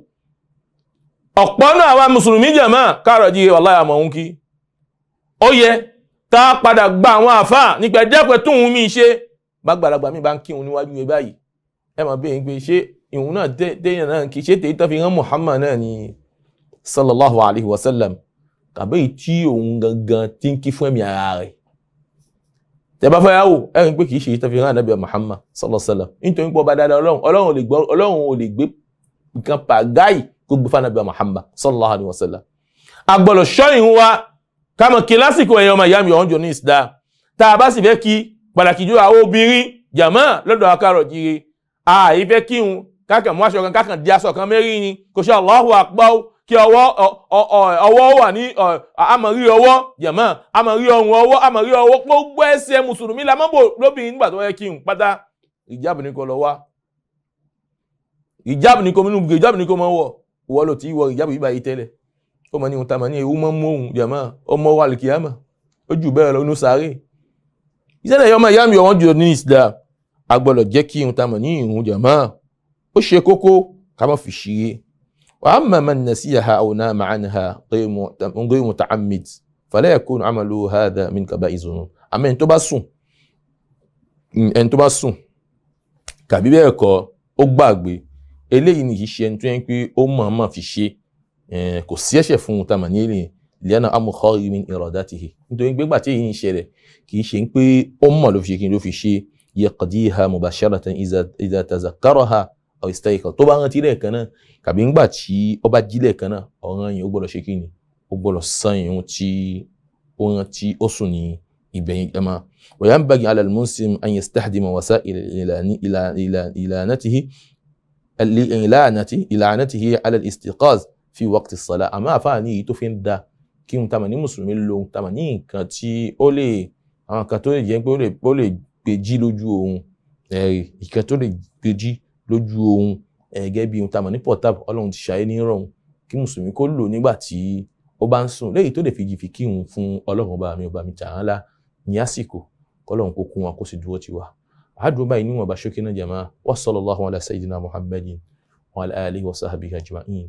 ọ̀pọ̀ náà àwa mùsùlùmí jàmáà káàrọ̀ jí wàláyà mọ̀ ń kí ó yẹ tá a padà gba àwọn àfáà nípa ẹjẹ́pẹ́ tóun mi ṣe bágbàlagbà mi bá ń kírun níwájú mi báyìí ẹ máa bẹ́ẹ̀ pé ṣé ìhun náà déyàn náà kì í ṣe tèyí tó fi hàn Muhammad náà ni sallallahu alayhi wa sallam tàbí tí òun gangan ti ń kí fún ẹ̀mí ara rẹ̀ tẹ́bá fẹ́ yàwó ẹ̀rín pé kìí ṣe yìí tẹ́fì rán ànábì Muhammad sallallahu alaihi wasallam nítorí pé ọba dáadáa ọlọ́run ọlọ́run ò lè gbé nǹkan pàgáì kó Muhammad sallallahu alaihi wasallam agbọ́dọ̀ Kama kí lásìkò ẹ̀yàn ọmọ ìyá mi ọ̀húnjọ ní ìsìdá tá a bá sì fẹ́ kí pàtàkì jù àwọn obìnrin jàmọ́ lọ́dọ̀ akárọ̀ jíire àì fẹ́ kí n kákan mú aṣọ kan kákan di aṣọ kan mẹ́rin ni kò ṣe Allahu akbar kí ọwọ́ ọwọ́ wà ní àmọ̀rí ọwọ́ jàmọ́ àmọ̀rí ọrùn ọwọ́ àmọ̀rí ọwọ́ gbogbo ẹsẹ̀ mùsùlùmí la mọ́bò lóbìnrin nígbà tó yẹ kí n pátá ìjáàbù ní kò lọ wá ìjáàbù ní kò mọ́ wọ̀ ìwọ ló ti wọ ìjáàbù yìí báyìí tẹ́lẹ̀ ó mọ ní ohun tá a mọ ní ewu mọ́ mú òun jẹ̀mọ́ ọmọ wa lè kíyàmọ̀ ó jù bẹ́ẹ̀ lọ inú sáré ìṣẹ̀lẹ̀ yọmọ ìyá mi ọ̀wọ́n jù ní ìsìlá a gbọ́dọ̀ jẹ́ kí ohun tá a mọ̀ ní ìhun jẹ̀mọ́ ó ṣe kókó ká mọ̀ fi ṣeré wà á mọ̀ mọ̀ sí ha ọ̀nà màánà ha ngé mu tààmìd fàlẹ́ ẹ̀kọ́ àmàlú ha dà mí kaba ìzùnú àmọ́ ẹni tó bá sùn ẹni tó bá sùn kàbí bẹ́ẹ̀ kọ́ ó gbàgbé eléyìí nìyí ṣe ẹni tó yẹn pé ó mọ̀ọ́mọ̀ fi ṣe Eh, kò sí ẹ̀ṣẹ̀ fún un tá a mà ní èlé lẹ́nà amúkọ́rí min iradatihi nítorí gbégbà tí èyí ń ṣẹlẹ̀ kì í ṣe pé ó mọ̀ ló fi ṣe kí n ló fi ṣe yaqdiha mubasharatan idha tazakkaraha aw istayqa tó bá rántí lẹ́ẹ̀kan náà kàbí ńgbà tí ó bá jí lẹ́ẹ̀kan náà ọ̀ràn yìí ó gbọ́dọ̀ ṣe kí ni ó gbọ́dọ̀ san ìhun tí ó rántí ó sùn ní ibẹ̀ yẹn jama wa yanbaghi ala al-muslim an yastahdima wasa'il ilanatihi ilanatihi ala istiqaz fi waqti salat àmọ́ àfààní yìí tó fi ń da kí n tamà ní mùsùlùmí lo tamà ní nǹkan tí ó lè àwọn kan tó lè jẹ́ pé ó lè gbèjì lójú òun ìkan tó lè gbèjì lójú òun gẹ́gẹ́ bí ohun tamà ní portable ọlọ́run ti ṣàyé ní rọrùn kí mùsùlùmí kó lò nígbà tí ó bá ń sùn léyìí tó lè fi jìfì kí òun fún ọlọ́run ọba mi ọba mi tàn án lá ní àsìkò kọ́lọ́run kó kún wa kó sì dúró tiwa àádùn báyìí níwọ̀n bá ṣókí náà jàmá wa sallallahu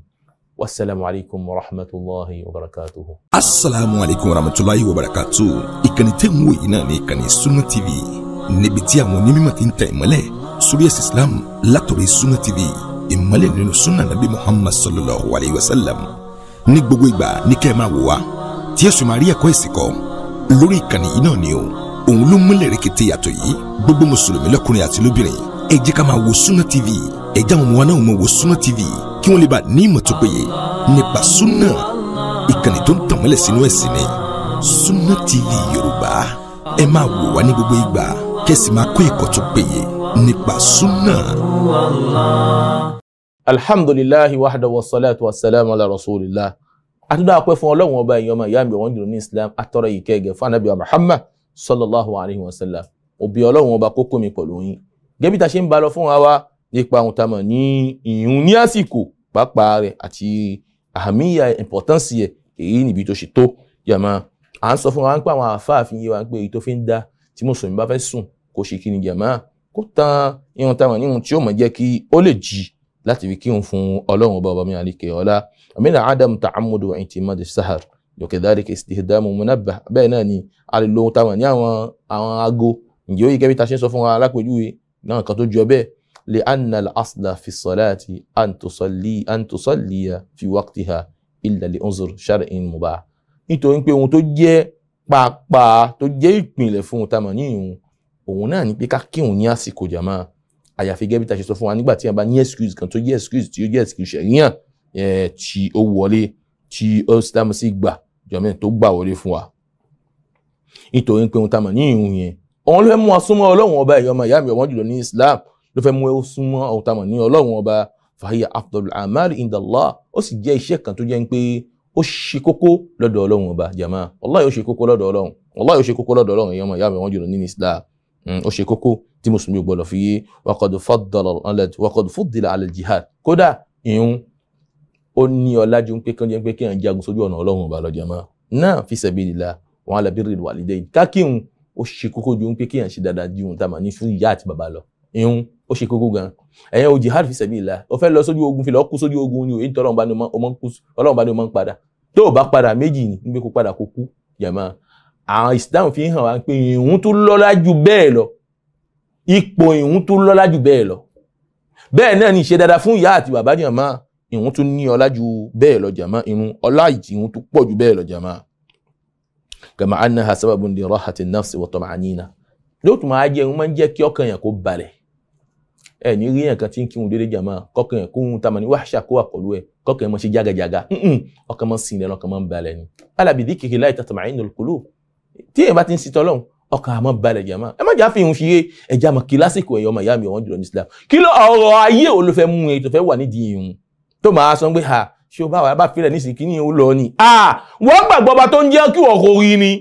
wasalaamualeykum wa rahmatulahi wa barakatuhu. asalaamualeykum wa rahmatulahi wa barakatuhu ìkànnì tẹ́ ń wò yìí náà ní ìkànnì Sunna TV níbi tí àwọn onímọ̀ ti ń tẹ̀ ìmọ́lẹ̀ suriyas islam látọ̀rí Sunna TV ìmọ́lẹ̀ nínú sunna nabi muhammad sallallahu alayhi wa sallam ní gbogbo ìgbà ní kẹ́ ẹ̀ máa wò wá tí ẹ sì máa rí ẹ̀kọ́ ìsìnkọ́ lórí ìkànnì yìí náà ni o òun ló múlẹ̀ rẹ̀kẹ̀tẹ̀ yàtọ̀ yìí gbogbo mùsùlùmí lọ́kùnrin àti lóbìnrin ẹ ká máa wo Sunna TV ẹ àwọn ọmọ wa náà máa wo Sunna TV kí wọ́n lè bá ní ìmọ̀ tó péye nípa súnà ìkànnì tó ń tàn mọ́lẹ̀ sínú ẹ̀sìn ni súnà TV yorùbá ẹ máa wò wá ní gbogbo ìgbà kẹ́sì máa kó ẹ̀kọ́ tó péye nípa súnà. alhamdulilahi wahda wa salatu wa salam ala rasulillah àtúndà àpẹ fún ọlọ́run ọba ìyọ́mọ ìyá mi ọ̀wọ́n jùlọ ní islam àtọ́rọ yìí kẹ́gẹ́ fún anabi muhammad sallallahu alayhi wa sallam òbí ọlọ́run ọba kókó mi pẹ̀lú yín gẹ́bí ta ṣe ń ba lọ fún wa wá nípa àwọn tamọ̀ ní ìyún ní àsìkò pàápàá rẹ̀ àti àmìyà ìmpọ̀tánsì ẹ̀ èyí níbi tó ṣe tó yàmá à ń sọ fún wa pé àwọn àfáàfin yé wa pé èyí tó fi ń dá tí mùsùlùmí bá fẹ́ sùn kó ṣe kí ni yàmá kó tan irun táwọn níhun tí ó mọ̀ jẹ́ kí ó lè jí láti fi kírun fún ọlọ́run ọba ọba mi àlekè ọlá àmìnà adam ta'amudu intimadi sahar yọkẹdàríkẹ istihdamu munabba bẹ́ẹ̀ náà ni àlelò táwọn ní àwọn àwọn aago ǹjẹ́ ó yí kẹ́bí ta ṣe ń sọ fún wa alápèjúwe náà kan tó ju ẹ لأن الأصل في الصلاة أن تصلي أن تصلي في وقتها إلا لأنظر شرع مباح nítorí pé ohun tó jẹ́ pàápàá tó jẹ́ ìpìlẹ̀ fún ohun tá a mọ̀ níyìí òun náà ni pé ká kírun ní àsìkò jàmá àyàfi gẹ́gẹ́ bí ta ṣe sọ fún wa nígbà tí a bá ní excuse kan tó jẹ́ excuse tí ó jẹ́ excuse ṣẹ̀ríyàn tí ó wọlé tí ó sítámù sí gbà jọ̀mí tó gbà wọlé fún wa. nítorí pé ohun tá a mọ̀ níyìí yẹn òun ló fẹ́ mú wa súnmọ́ ọlọ́run ọba ẹ̀yọ́ ọmọ ìyá mi ọ̀wọ́n jùlọ ní Islam ló fẹ́ mú ẹ súnmọ́ ọ̀tàmọ̀ ní ọlọ́run ọba fahiya afdalul amali indallah ó sì jẹ́ iṣẹ́ kan tó jẹ́ ń pé ó ṣe kókó lọ́dọ̀ ọlọ́run ọba jama wallahi ó ṣe kókó lọ́dọ̀ ọlọ́run wallahi ó ṣe kókó lọ́dọ̀ ọlọ́run ìyẹn ọmọ ìyá mi wọ́n jùlọ nínú islam hmm, ó ṣe kókó tí mùsùlùmí gbọ́dọ̀ fi yé waqad fuddila ala jihad kódà ìhun ó ní ọlájú ń pé kí wọ́n jẹ́ pé kí wọ́n jagun sójú ọ̀nà ọlọ́run ọba lọ jama náà fi sabilillah wa ala birril walidayn kákíhun ó ṣe kókó ju pé kí wọ́n ṣe dáadáa ju ohun tá a máa ní fún ìyá àti bàbá lọ ìhun ó ṣe kókó gan ẹ̀yẹn o jihad fi sabilillah o fẹ́ lọ sójú ogun fi lọ kú sójú ogun ni o èyí tọ́lọ́run bá ní o mọ́ kú ọlọ́run bá ní o mọ́ ń padà tó o bá padà méjì ni níbi kó padà kó kú jàmá àwọn Islam fi hàn wá pé ìhun tó lọ́lá ju bẹ́ẹ̀ lọ ipò ìhun tó lọ́lá ju bẹ́ẹ̀ lọ bẹ́ẹ̀ náà ni ìṣe dáadáa fún ìyá àti bàbá jàmá ìhun tó ní ọlá ju bẹ́ẹ̀ lọ jàmá ìhun ọlá ìjì ìhun tó pọ̀ ju bẹ́ẹ̀ lọ jàmá kama annaha sababun li rahati nafsi wa tama'anina lótùmọ̀ ajẹ́ ìhun máa ń jẹ́ kí ọkàn yẹn kó balẹ̀ ẹ ní rí ẹ̀kan tí ń kírun déédéé jàmá kọkàn ẹ̀ kóhun tamani wá ṣàkóhà pẹ̀lú ẹ̀ kọkàn ẹ̀ mọ̀ ṣe jágajàga ọkàn mọ̀ sin lẹ́nu ọkàn mọ̀ balẹ̀ ni. alábi dí kìkì láì tàtàmà ẹ̀ nílùú kúlò tí èèyàn bá ti ń sin tọ́lọ́hún ọkàn àmọ́ balẹ̀ jàmá ẹ má jà fi ìhun ṣiyé ẹja mọ̀ kí lásìkò ẹ̀yọ́ ọmọ ìyá mi ọ̀wọ́n jùlọ ní Islam kí ló ọ̀rọ̀ ayé ò ló fẹ́ mú ètò fẹ́ wà nídìí ìhun tó máa sọ pé ha ṣé o bá wà bá fílẹ̀ nísìnyí kí ni ó lọ ni. Ah, wọ́n gbàgbọ́ ọba tó ń jẹ́ kí wọ́n kò rí ni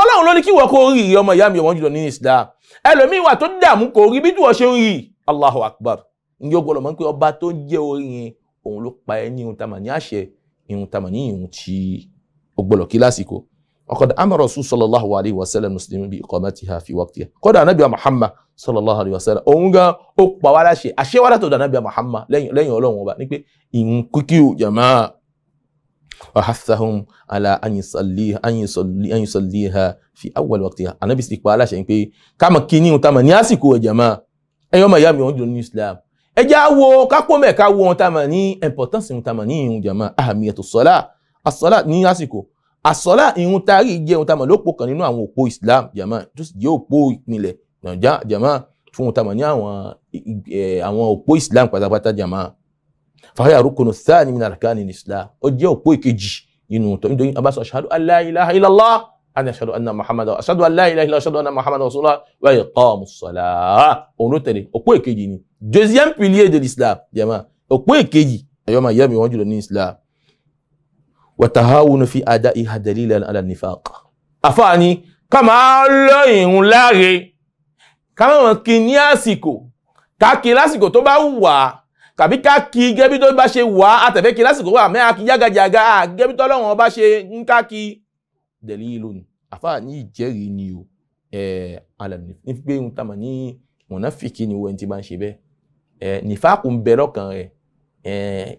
ọlọ́run ló ní kí wọ́n kó rí ìyá ọmọ ìyá mi wọ́n jùlọ ní islam ẹlòmíín wà tó dààmú kò rí bí tí wọ́n ṣe ń rí allahu akbar ní ó gbọ́dọ̀ mọ̀ pé ọba tó jẹ́ orí yẹn òun ló pa ẹ́ ní ihun tamà ní àṣẹ ihun tamà ní ihun tí ó gbọ́dọ̀ kí lásìkò ọkọ̀dà amọ̀rọ̀ sùn sallallahu alayhi wa sallam muslimin bi iqamatiha fi waqtiha kọ́dà anabi muhammad sallallahu alayhi wa sallam òun gan ó pa wá láṣẹ àṣẹ wá látọ̀dọ̀ anabi muhammad lẹ́yìn ọlọ́run ọba ní pé ìhun kíkí ò jàmáà وحثهم على أن يصليها أن يصلي أن يصليها في أول وقتها أنا بس إقبال عشان كي كما كيني وتما نياسي كو جماعة أيوم يا مي وندو الإسلام ẹjá wo kápó mẹ́ka wo ohun tá a mọ̀ ní importance ohun tá a mọ̀ ní ìrun jàmá ahamiyatu sọ́lá asọ́lá ní àsìkò asọ́lá ìrun tarí jẹ́ ohun tá a mọ̀ lópò kan nínú àwọn òpó Islam jàmá tó sì ní àwọn òpó Islam pátápátá jàmá fàáyà rúkùnù thani min arkani islam ó jẹ́ òpó ìkejì nínú tó nítorí abáṣọ ashhadu an la ilaha illallah ana ashhadu anna muhammadu ashhadu an la ilaha illallah ashhadu anna muhammadu rasulullah wa iqamus salah òun ló tẹ̀lé òpó ìkejì ni deuxième pilier de l'islam jama òpó ìkejì ẹ̀yọ́ máa yẹ́ mi wọ́n jùlọ ní islam wa tahawunu fi adaiha dalilan ala nifaq àfáàní ká máa lọ́yìn láre ká máa kí ní àsìkò ká kí lásìkò tó bá wù wá kàbí ká kí gẹ́bí tó bá ṣe wà á àtẹ̀fẹ́ kí lásìkò wà mẹ́ akí jágajàga à gẹ́bí tó lọ́wọ́n bá ṣe ń ká kí dẹ̀lí lónìí àfáà ní ìjẹ́rìí ni o ẹ̀ alàmì ní pé ń tamà ní mọ̀náfìkì ni wọ́n ti máa ń ṣe bẹ́ẹ̀ ẹ̀ ń bẹ lọ́kàn rẹ̀ ẹ̀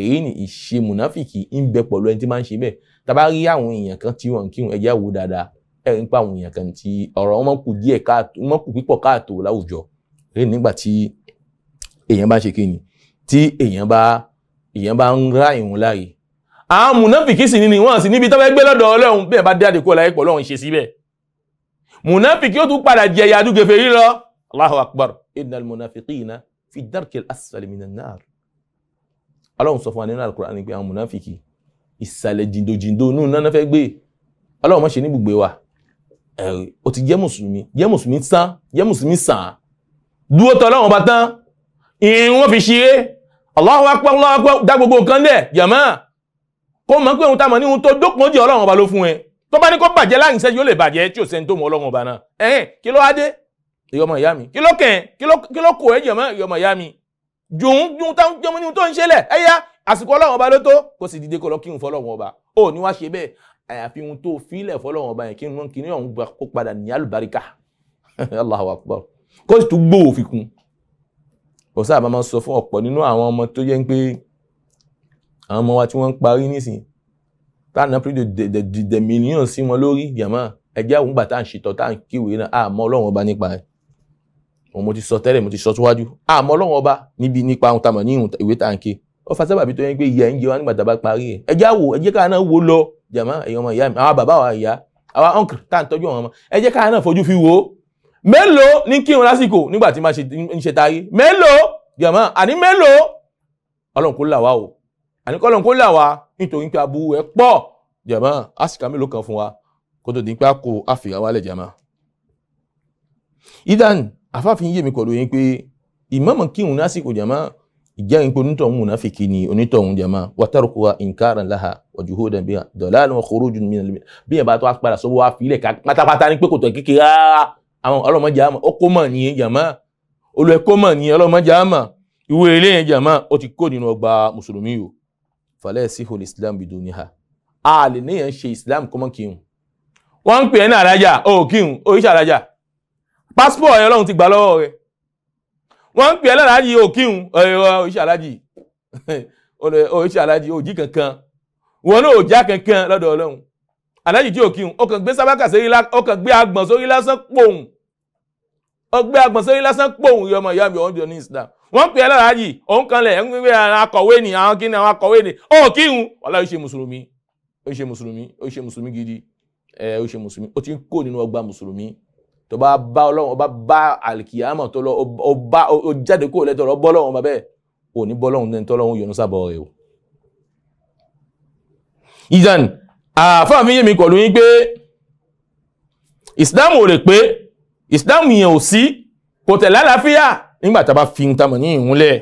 èyí ni ìṣe mọ̀náfìkì ń bẹ pọ̀lú ẹni tí máa ń ṣe bẹ́ẹ̀ tàbá rí àwọn èèyàn kan tí wọ́n ń kírun ẹ̀já wo dáadáa ẹ̀rí ń pa àwọn èèyàn bá ṣe kíni tí èèyàn bá èèyàn bá ń rá ìrun láàyè àwọn mùnáfìkì sì ni wọ́n sì níbi tó fẹ́ gbé lọ́dọ̀ ọlọ́run bẹ́ẹ̀ bá dáadé kó láyé pọ̀ lọ́run ṣe síbẹ̀ mùnáfìkì ó tún padà jẹ ìyà dúgẹ fèrí lọ Allahu akbar innal munafiqina fi darkil asfali minan nar ọlọ́run sọ fún wa nínú Al-Qur'ani pé àwọn mùnáfìkì ìsàlẹ̀ jìndòjìndò nù náà fẹ́ gbé ọlọ́run ìrìn wọ́n fi ṣeré Allahu akbar Allahu akbar dá gbogbo nǹkan lẹ̀ yàmá kó mọ̀ pé òun tá mọ̀ ní ohun tó dókun jẹ́ ọlọ́run ọba ló fún ẹ tó bá ní kó bàjẹ́ láàrin iṣẹ́ yóò lè bàjẹ́ tí ò sẹ́ni tó mọ ọlọ́run ọba náà ẹ̀hìn kí ló wá dé èyí ọmọ ìyá mi kí ló kẹ̀ kí ló kò ẹ́ jẹ̀mọ́ èyí ọmọ ìyá mi jòun jòun táwọn jọmọ ní tó ń ṣẹlẹ̀ ẹ̀yà àsìkò ọlọ́run ọba ló tó kó sì dìde kó lọ kírun fọlọ́run ọba ó ní wá ṣe bẹ́ẹ̀ àyàfi ohun tó fílẹ̀ fọlọ́run ọba yẹn kí n kí ní ọ̀hún kó padà ní àlùbáríkà (laughs) Allahu akbar kó sì tún gbòòfin kún ó sábà máa ń sọ fún ọ̀pọ̀ nínú àwọn ọmọ tó jẹ́ pé àwọn ọmọ wa tí wọ́n ń parí nísìn táwọn náà pírídò dẹ̀dẹ̀ mílíọ̀n sí wọn lórí yàmá ẹjẹ́ àwọn gbà tá à ń ṣètọ́ tá à ń kíwèé náà àmọ́ ọlọ́run ọba nípa ẹ̀ wọn mo ti sọ tẹ́lẹ̀ mo ti sọ síwájú àmọ́ ọlọ́run ọba níbi nípa ohun tamọ̀ ní ìwé tá à ń ké ó fa sábàbí tó yẹ pé ìyá ń jẹ wá nígbà tá a bá parí ẹ̀ ẹjẹ́ àwò ẹjẹ́ káà náà wo lọ jàmá ẹ̀yọ́ ọmọ ìyá mi àwọn bàbá wa ìyá àwọn ọ̀nkì tá à ń tọ́jú àwọn ọmọ ẹjẹ́ káà náà fojú fi wò ó mélòó ní kírun lásìkò nígbà tí máa ń ṣe taari mélòó jẹ̀mọ́ àní mélòó ọlọ́run kó là wá o àní kọ́lọ́run kó là wá nítorí pé aburú ẹ pọ̀ jẹ̀mọ́ á sì ka mélòó kan fún wa kó tó di pé a kó àfihàn wálẹ̀ jẹ̀mọ́. idan afáfin yé mi pẹ̀lú yín pé ìmáàmù kírun lásìkò jẹ̀mọ́ ìjẹ́ ìpò onítọ̀hún mùnáfìkì ni onítọ̀hún jẹ̀mọ́ wàtàrùkù wa nǹkaran láha wàjúhódà bí dọ̀là àwọn kòrójù bí ẹ̀ bá tó apàdà sọ́wọ́ wa fi ilẹ̀ pátápátá ní pé kò tọ̀ kékeré àwọn ọlọ́mọdé àmọ́ ó kó mọ̀ nìyẹn jẹ̀mọ́ olùẹ̀kọ́mọ̀ ní ọlọ́mọdé àmà ìwé ilé yẹn jàmá ó ti kó nínú ọgbà mùsùlùmí o falẹ̀ sí hol islam bidun ni ha a lè níyàn ṣe islam kọ́mọ́ kírun wọ́n ń pè ẹ́ ní àrájà ó kírun ó yíṣẹ́ àrájà pásítọ̀ ẹ̀ ọlọ́run ti gbà lọ́wọ́ rẹ̀ wọ́n ń pè ẹ́ láràájì ó kírun ọ̀rọ̀ òyíṣẹ́ àrájì (laughs) òyíṣẹ́ àrájì òjì kankan wọn náà ò já kankan lọ́dọ̀ ọlọ́run àrájì tí ó kírun ó kàn gbé sábàkà sórí lásán pòun ọgbẹ́ agbọ̀nsẹ́rí lásán pòun yọ ọmọ ìyá mi ọ̀hún jọ ní Islam wọ́n pè é lọ́la yìí òun kan lẹ̀ ń gbé akọ̀wé ni àwọn kí ni àwọn akọ̀wé ni ó kírun ọlá yóò ṣe mùsùlùmí ó ṣe mùsùlùmí ó ṣe mùsùlùmí gidi ẹ ó ṣe mùsùlùmí ó ti ń kó nínú ọgbà mùsùlùmí tó bá bá ọlọ́run ọba bá àlìkìyàmọ̀ tó lọ ọba ó jáde kó lẹ́tọ̀ lọ bọ́ lọ́run ọba ò ní bọ́ lọ́run tó lọ́run yọnu sábọ̀ rẹ o. ìdàn àfáàfin yẹmi kọ̀ọ̀lù yín pé ìsìlámù ò pé ìsìláàmù yẹn ò sí kò tẹ̀ lálàáfíà nígbà tá a bá fi ń tamọ̀ ní ìhúnlẹ̀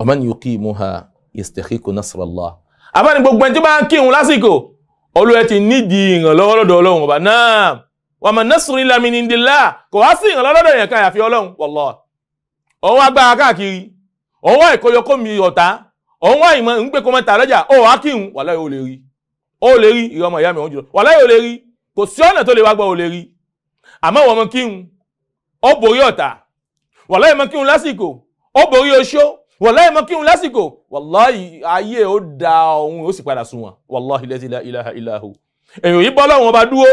ọmọ ni yòókì mú ha yastahiqu nasrallah abáni gbogbo ẹni tí bá ń kírun lásìkò olú ẹ ti nídìí ìrànlọ́wọ́ lọ́dọ̀ ọlọ́run ọba náà wa man nasru illa min indillah kò wá sí ìrànlọ́wọ́ lọ́dọ̀ èèyàn kan àyàfi ọlọ́run wallahi òun wá gbára káàkiri òun wá ìkọyọkọ mi ọ̀tá òun wá kò sí ọ̀nà tó lè wá gbọ́ ó lè rí àmọ́ wọ́n mọ kíhun ó borí ọ̀tá wàláhì mọ kíhun lásìkò ó borí oṣó wàláhì mọ kíhun lásìkò wàláhì ayé ó da ọ̀hún ó sì padà sùn wọn wàláhì lẹ́sìn ilaha ilahu èyàn yìí bọ́ lọ́wọ́n ọba dúró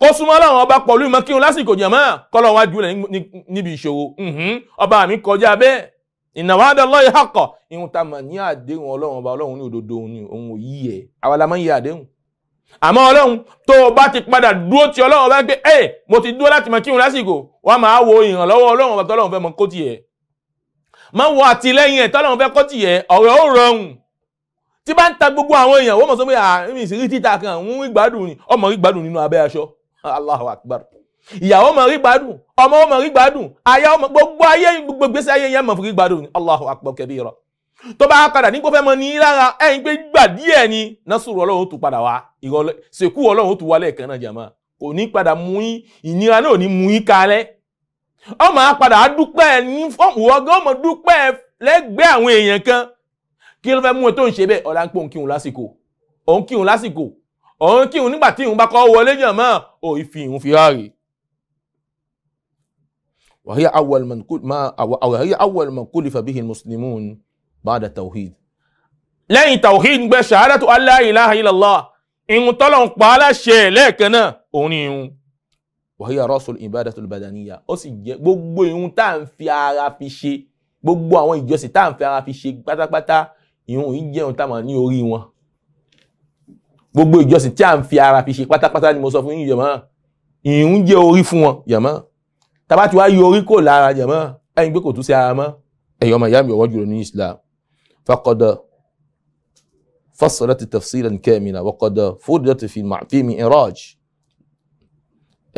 kó súnmọ́ lọ́wọ́n ọba pọ̀lú ìmọ̀ kíhun lásìkò jẹ̀mọ́ kọ́lọ́ wájú rẹ̀ níbi ìṣòro ọba mi kọjá bẹ́ẹ̀ ìnáwó adọ́lọ́ ìhàkọ̀ ìhun ta mà ní àdéhùn ọlọ́run ọba ọlọ́run ní òdodo òun yìí ẹ̀ àwa la máa ń yẹ àdéhùn àmọ́ ọlọ́run tó o bá ti padà dúró ti ọlọ́run bá ń pé ẹ mo ti dúró láti mọ kírun lásìkò wọ́n máa wo ìrànlọ́wọ́ ọlọ́run bá tọ́lọ́run fẹ́ mọ kó tiẹ̀ má wo àtìlẹ́yìn ẹ̀ tọ́lọ́run fẹ́ kó tiẹ̀ ọ̀rọ̀ ó rọrùn tí bá ń ta gbogbo àwọn èèyàn wọ́n mọ̀ sọ pé àmì ah, ìsírí títa kan ń gbádùn ni ọmọ rí gbádùn nínú abẹ́ aṣọ Allahu Akbar ìyàwó mọ̀ rí gbádùn ọmọ mọ̀ rí gbádùn aya ọmọ gbogbo ayé gbogbo gbèsè ayé yẹn mọ̀ fún rí gbádùn ni Allahu Akbar kabira tó bá padà ní kó fẹ́ mọ ní lára ẹ̀yin pé gbà díẹ̀ ni násùrù ọlọ́run ó padà wá ìrọ̀lẹ́ sèkú ọlọ́run ó wálẹ̀ kan náà jàmá kò ní padà mú yín ìnira náà ní mú yín kalẹ̀ ọmọ apàdà á dúpẹ́ ní fọ́ọ̀mù ọgọ́ ọmọ dúpẹ́ lẹ́gbẹ̀ẹ́ àwọn èèyàn kan kí ló fẹ́ mú ẹ tó ń ṣe bẹ́ẹ̀ ọ̀la ń pò òun kírun lásìkò òun kírun nígbà tí ìhun bá kọ́ wọlé jàmá ò fi ìhun fi ráre wàhíyá awwal man kulifa bihi al-muslimun ba'da tawhid lẹ́yìn tawhid gbẹ shahadatu alla ilaha illallah ìhun tọ́lọ̀ ń pa aláṣẹ lẹ́ẹ̀kan náà òun ni ìhun wàhíyà rọ́sùl ìbádàtul bàdàníyà ó sì jẹ́ gbogbo ìhun tá à ń fi ara fi ṣe gbogbo àwọn ìjọsìn tá à ń fi ara fi ṣe pátápátá ìhun yìí jẹ́ ohun tá à máa ní orí wọn gbogbo ìjọsìn tí à ń fi ara fi ṣe pátápátá ni mo sọ fún yín jẹ̀mọ́ ìhun jẹ́ orí fún wọn jẹ̀mọ́ tá yọ orí kò lára jẹ̀mọ́ ẹ̀yin pé kò tún sí ara mọ́ ẹ̀yin ọmọ ìyá mi ọ̀wọ́ jùlọ ní Islam فقد فصلت تفصيلا كاملا وقد فرضت في مع في معراج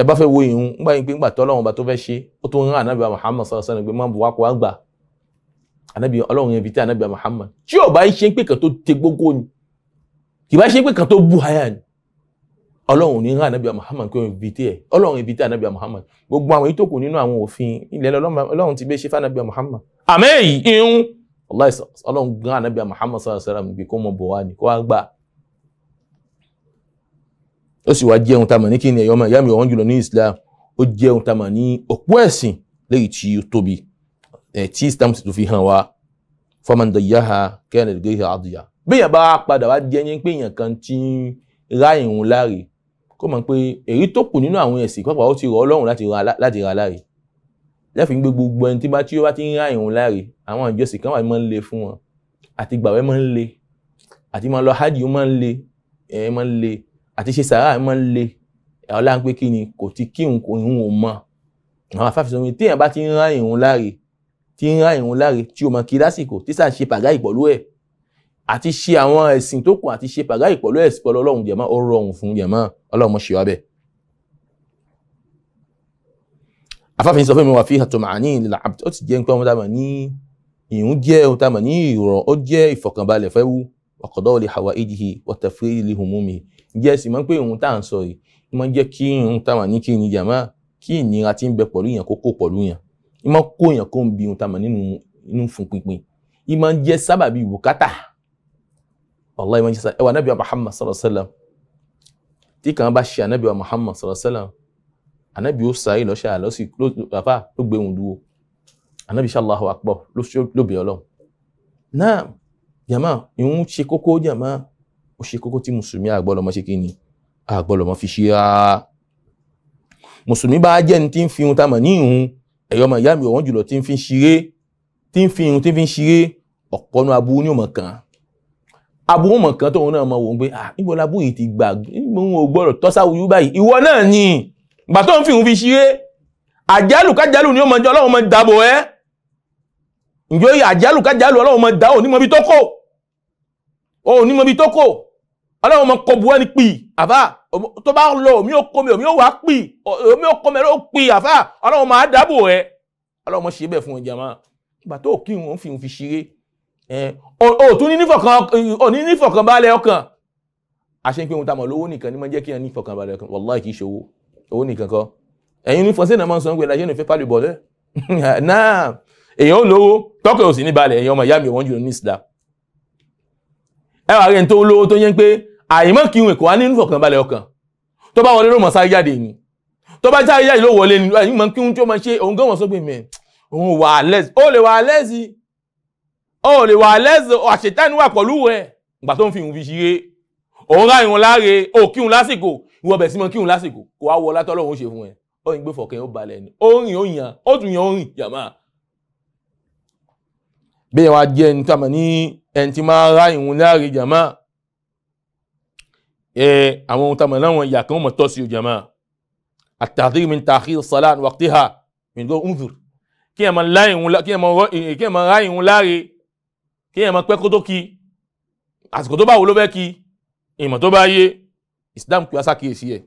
ẹ bá fẹ́ wo ìhun ńgbà yín pé ńgbà tọ́lọ́run ọba tó fẹ́ ṣe ó tún rán ànábìá Muhammad sọ̀rọ̀ sẹ́nu pé má bu wákò àgbà ànábì ọlọ́run yẹn fi tẹ́ ànábìá Muhammad tí ò ń ṣe pé kàn tó te gbogbo ni kì bá ṣe pé kàn tó bu aya ni ọlọ́run ní rán ànábìá Muhammad kí wọ́n fi tẹ́ ẹ̀ ọlọ́run yẹn fi tẹ́ ànábìá Muhammad gbogbo àwọn yìí kù nínú àwọn òfin ilẹ̀ ọlọ́run ti bẹ́ ṣe fún ànábìá Muhammad àmẹ́ yìí wallahi ọlọ́run gan anabi muhammad sallallahu alayhi wa sallam gbé kó mọ bọ̀ wá ní kó wá gbà ó sì wá jẹun tamọ̀ ní kíni ẹ̀yọ́ ọmọ ìyá mi ọ̀wọ́n jùlọ ní islam ó jẹun tamọ̀ ní òpó ẹ̀sìn léyìí tí ó tóbi eh, tí islam sì tún fi hàn wá fọmọdé yaha kẹ́hìn ẹ̀dẹ́gẹ́ ìhà àdìyà bẹ́ẹ̀ bá padà wá jẹ́ yín pé èèyàn kan ti ń ra láre kó mọ̀ pé èyí tó kù nínú àwọn ẹ̀sìn pápá ó ti rọ̀ ọlọ́run láti ra láre lẹ́fìn gbé gbogbo ẹni tí bá tí ó bá ti ń ráyìn òun láre àwọn ìjọsìn kan wà ní máa ń le fún wọn àti gbàwẹ̀ máa ń le àti máa lọ hajj máa ń le ẹ̀ máa ń le àti ṣe sàárà máa ń le ọlá ń pé kí ni kò ti kí òun kò ìhun òun mọ àwọn afáfisọ mi téèyàn bá ti ń ráyìn òun láre ti ń ráyìn òun láre tí o mọ kí lásìkò tí sà ń ṣe pàgá ìpọ̀lú ẹ̀ àti ṣe àwọn ẹ̀sìn tó kù àti ṣe pàgá ìpọ̀lú ẹ̀sìn afáfin sọ fún mi wà fi hàtọ́ màá ní ìlà ó sì jẹ́ nǹkan tá a mọ̀ ní ìhun jẹ́ ohun tá a mọ̀ ní ìrọ̀ ó jẹ́ ìfọ̀kànbalẹ̀ fẹ́ wú ọ̀kọ̀dọ́ lè hàwà ìdìhì wọ́tẹ̀ fún ìlú ìhùn mú mi jẹ́ sì mọ́ pé ohun tá à ń sọ yìí ó máa ń jẹ́ kí ohun tá a mọ̀ ní kí ni jàmá kí ìnira ti ń bẹ pẹ̀lú èèyàn kó kó pẹ̀lú èèyàn ó máa kó èèyàn kó ń bi ohun tá a mọ̀ ànábì ó sáré lọ́ṣà lọ́sì bàbá ló gbé òun dúró ànábì ṣàlàhù àpọ̀ lóbìí ọlọ́run náà jàmá ìhun ṣe kókó jàmá ó ṣe kókó tí mùsùlùmí àgbọ́lọmọ ṣe kí ni àgbọ́lọmọ fi ṣe áá mùsùlùmí bá jẹ́ ní tí ń fi ihun tamọ̀ ní ìhun ẹ̀yọ́ ọmọ ìyá mi ọ̀wọ́n jùlọ tí ń fi ṣeré tí ń fi ihun tí ń fi ṣeré ọ̀pọ̀nu aburú ní òmọ̀ kan aburú mọ̀ kan tóun náà mọ̀ wò ń gbé ah níbo labú yìí ti gbà níbo ń gbọ́dọ̀ tọ́sáwùú báyìí ìwọ náà ni gbà tó ń fi òun fi ṣeré àjálù ni ó mọ jẹ ọlọ́run mọ dábò ẹ́ ǹjọ́ àjálù kájálù ọlọ́run mọ dá òní mọ bí tó kò òní mọ bí tó kò ọlọ́run mọ kọ buwẹ́ni pì àfà tó bá lọ omi ò kọmi omi ò wá pì omi ò kọmi ó pì àfà ọlọ́run mọ àdábò ẹ́ ọlọ́run mọ ṣe bẹ́ẹ̀ fún ọjà máa gbà tó kí òun fi òun fi ṣeré òtún ní nífọ̀kànbalẹ̀ ọkàn àṣẹ ni mọ jẹ́ kí n nífọ̀kànbalẹ̀ ọkàn wàláì kì í owó nìkan kọ́ ẹ̀yin ní fọ́nsẹ́ náà máa ń san gbẹ̀dá yẹnu fẹ́ pálí bọ̀lẹ́ (laughs) náà èèyàn ó lówó tọ́kẹ̀ òsì ní balẹ̀ èèyàn ọmọ ìyá mi wọ́n jù ní ìsìlá ẹwà rẹ̀ tó lówó tó yẹn pé àìmọ́ kí wọn kò wá nínú ìfọ̀kànbalẹ̀ ọkàn tó bá wọlé ló mọ̀ sáré jáde ni tó bá sáré jáde ló wọlé ni ẹ̀yin mọ̀ kí wọn tó máa ṣe òun gan wọ́n sọ pé òun wà lẹ́sì ó lè wà lẹ́sì ó lè wà lẹ́sì àṣetániwà pọ̀lú rẹ̀ ìgbà tó ń fi ìhun fi ṣeré òun ráyìn láre òkíhun lásìkò ìwọ bẹ̀ sí mọ́ kírun lásìkò kò wá wọ látọ́lọ́hún ṣe fún ẹ ọyìn gbé fọ̀kẹ́ ó balẹ̀ ni ó rìn ó yàn ó tún yàn ó rìn yàmá. bẹ́ẹ̀ wá jẹ́ ẹni tá a ní ẹni tí máa ra ìhun láre jàmá ẹ àwọn ohun tá a mọ̀ láwọn ìyà kan mọ̀ tọ́ sí o jàmá at-tahdhir min ta'khir salat waqtiha min go unzur kí ẹ mọ̀ ra ìhun láre kí ẹ mọ̀ pẹ́ kó tó àsìkò tó bá wo ló fẹ́ kí ìmọ̀ tó bá yé islam pé asákìyèsí ẹ̀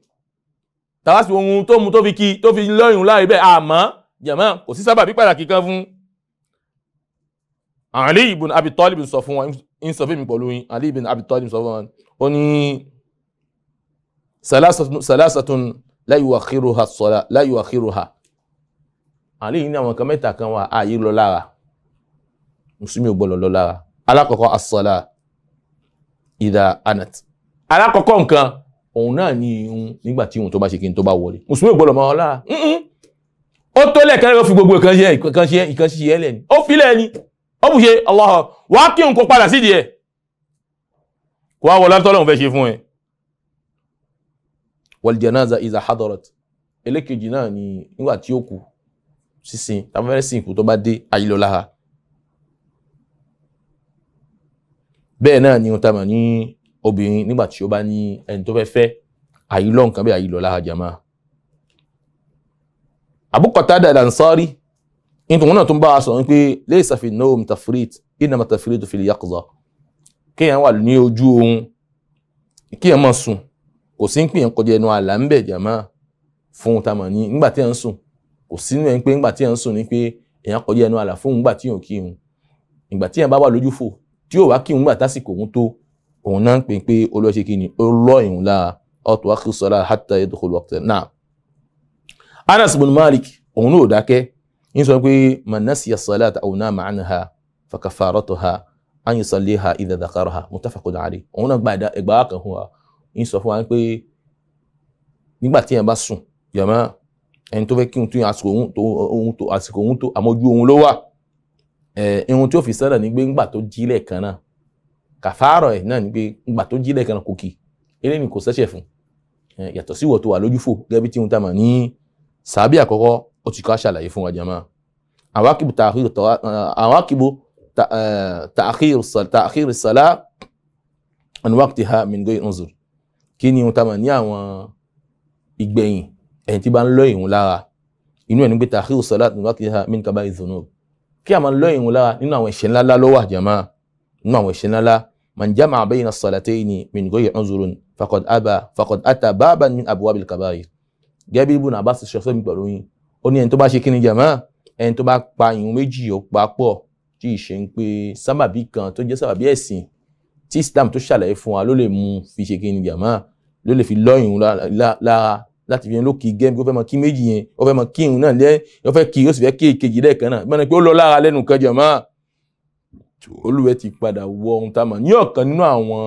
tàbí ohun tó mu tó fi kí tó fi lọ́yìn láàrin bẹ́ẹ̀ àmọ́ jẹ̀mọ́ kò sí sábàbí pàtàkì kan fún Ali ibn Abi Talib sọ fún wọn ń sọ fún mi pẹ̀lú yín Ali ibn Abi Talib sọ fún wọn ó ní salasatun la yuakhiruha as Ali ní àwọn kan mẹ́ta kan wà ààyè lọ lára musulmi ò gbọ́dọ̀ lọ lára alákọ̀ọ́kọ́ as-salah anat alákọ̀ọ́kọ́ nǹkan òun náà ni ìhun nígbà tí ìhun tó bá ṣe kí n tó bá wọlé mùsùlùmí gbọ́dọ̀ mọ́ lára ó tó lẹ́ẹ̀kan ló fi gbogbo ìkan ṣe ìkan ṣe ìkan ṣe ẹlẹ́ ni ó filẹ̀ ni ó bù ṣe ọlọ́họ wà á kí òun kó padà sídìí ẹ̀ kó wá wọ látọ́ lóun fẹ́ ṣe fún ẹ. wal janaza iza hadarat ẹlẹ́kejì náà ni nígbà tí ó kú sísìn tàbí fẹ́rẹ́ sìnkú tó bá dé ayélujára bẹ́ẹ̀ náà ni obìnrin nígbà tí ó bá ní ẹni tó fẹ́ fẹ́ àyílọ́ nǹkan bí àyílọ́ láhàjàmá Abu Qatada al-Ansari nítorí wọn náà tó ń bá a sọ̀rọ̀ pé laysa fi an-nawm tafrit innama tafrit fil yaqza kéèyàn wà ní ojú oorun kéèyàn máa sùn kò sí ń pè yẹn kọjá ẹnu àlà ń bẹ̀ jàmá fún tamọ̀ ní nígbà tí à ń sùn kò sínú ẹ̀ pé nígbà tí à ń sùn ni pé èèyàn kọjá ẹnu àlà fún nígbà tí yàn kírun ìgbà tí yàn bá wà lójú tí yóò wá kírun nígbà tásìkò òun tó òun náà ń pè pé olóṣè kí ni ó lọ ìhùn lára ọ̀tọ̀ akíṣọ́lá hatta yadkhul waqtan náà. Anas bin Malik òun náà ò dákẹ́ ń sọ pé man nasiya salata aw nama anha fa kafaratuha an yusalliha idha dhakaraha muttafaqun alayh òun náà gba ẹgbàá kan fún wa ń sọ fún wa pé nígbà tí yẹn bá sùn yàmá ẹni tó fẹ́ kí n tún àsìkò òun tó àsìkò òun tó àmójú òun ló wà ẹ̀ ohun tí ó fi sẹ́lẹ̀ nígbà tó jí lẹ́ẹ̀kan náà kàfàárọ̀ ẹ̀ náà ni pé ngbà tó jí lẹ́ẹ̀kan kò kì eré ni kò sẹ́ṣẹ̀ fún yàtọ̀ sí ìwọ̀ tó wà lójú fò gẹ́bí tí wọ́n tà mà ní sàbí àkọ́kọ́ ó ti ká ṣàlàyé fún wa jama àwákìbù tààkìrì sàlá an waqtiha min ghayri uzur kí ni wọ́n tà mà ní àwọn ìgbẹ̀yìn ẹ̀yìn tí bá ń lọ ìhun lára inú ẹ̀ ní pé tààkìrì sàlá an waqtiha min kaba'idh dhunub kí a máa lọ ìhun lára nínú àwọn ìṣẹ̀ ńláńlá ló jama nínú àwọn ìṣẹ̀ ńláńlá man jama'a bayna as-salatayni min ghayri uzrin faqad aba faqad ata baban min abwabil kaba'ir gẹ́gẹ́ bí Ibn Abbas ṣe sọ́mi pẹ̀lú yín ó ní ẹni tó bá ṣe kíni jàmáà ẹni tó bá pa ìhun méjì ó pa pọ̀ tí ì ṣe ń pe sábàbí kan tó jẹ́ sábàbí ẹ̀sìn tí Islam tó ṣàlàyé fún wa ló lè mú fi ṣe kíni jàmáà ló lè fi lọ́ ìhun lára láti fi yẹn ló kí gẹ́m kó fẹ́ mọ kí méjì yẹn ó fẹ́ mọ kí ìhun náà lẹ́ ó fẹ́ kí ó sì fẹ́ kí èkejì lẹ́ẹ̀kan náà olúwẹ̀ ti padà wọ ohun tá a mọ̀ ní ọ̀kan nínú àwọn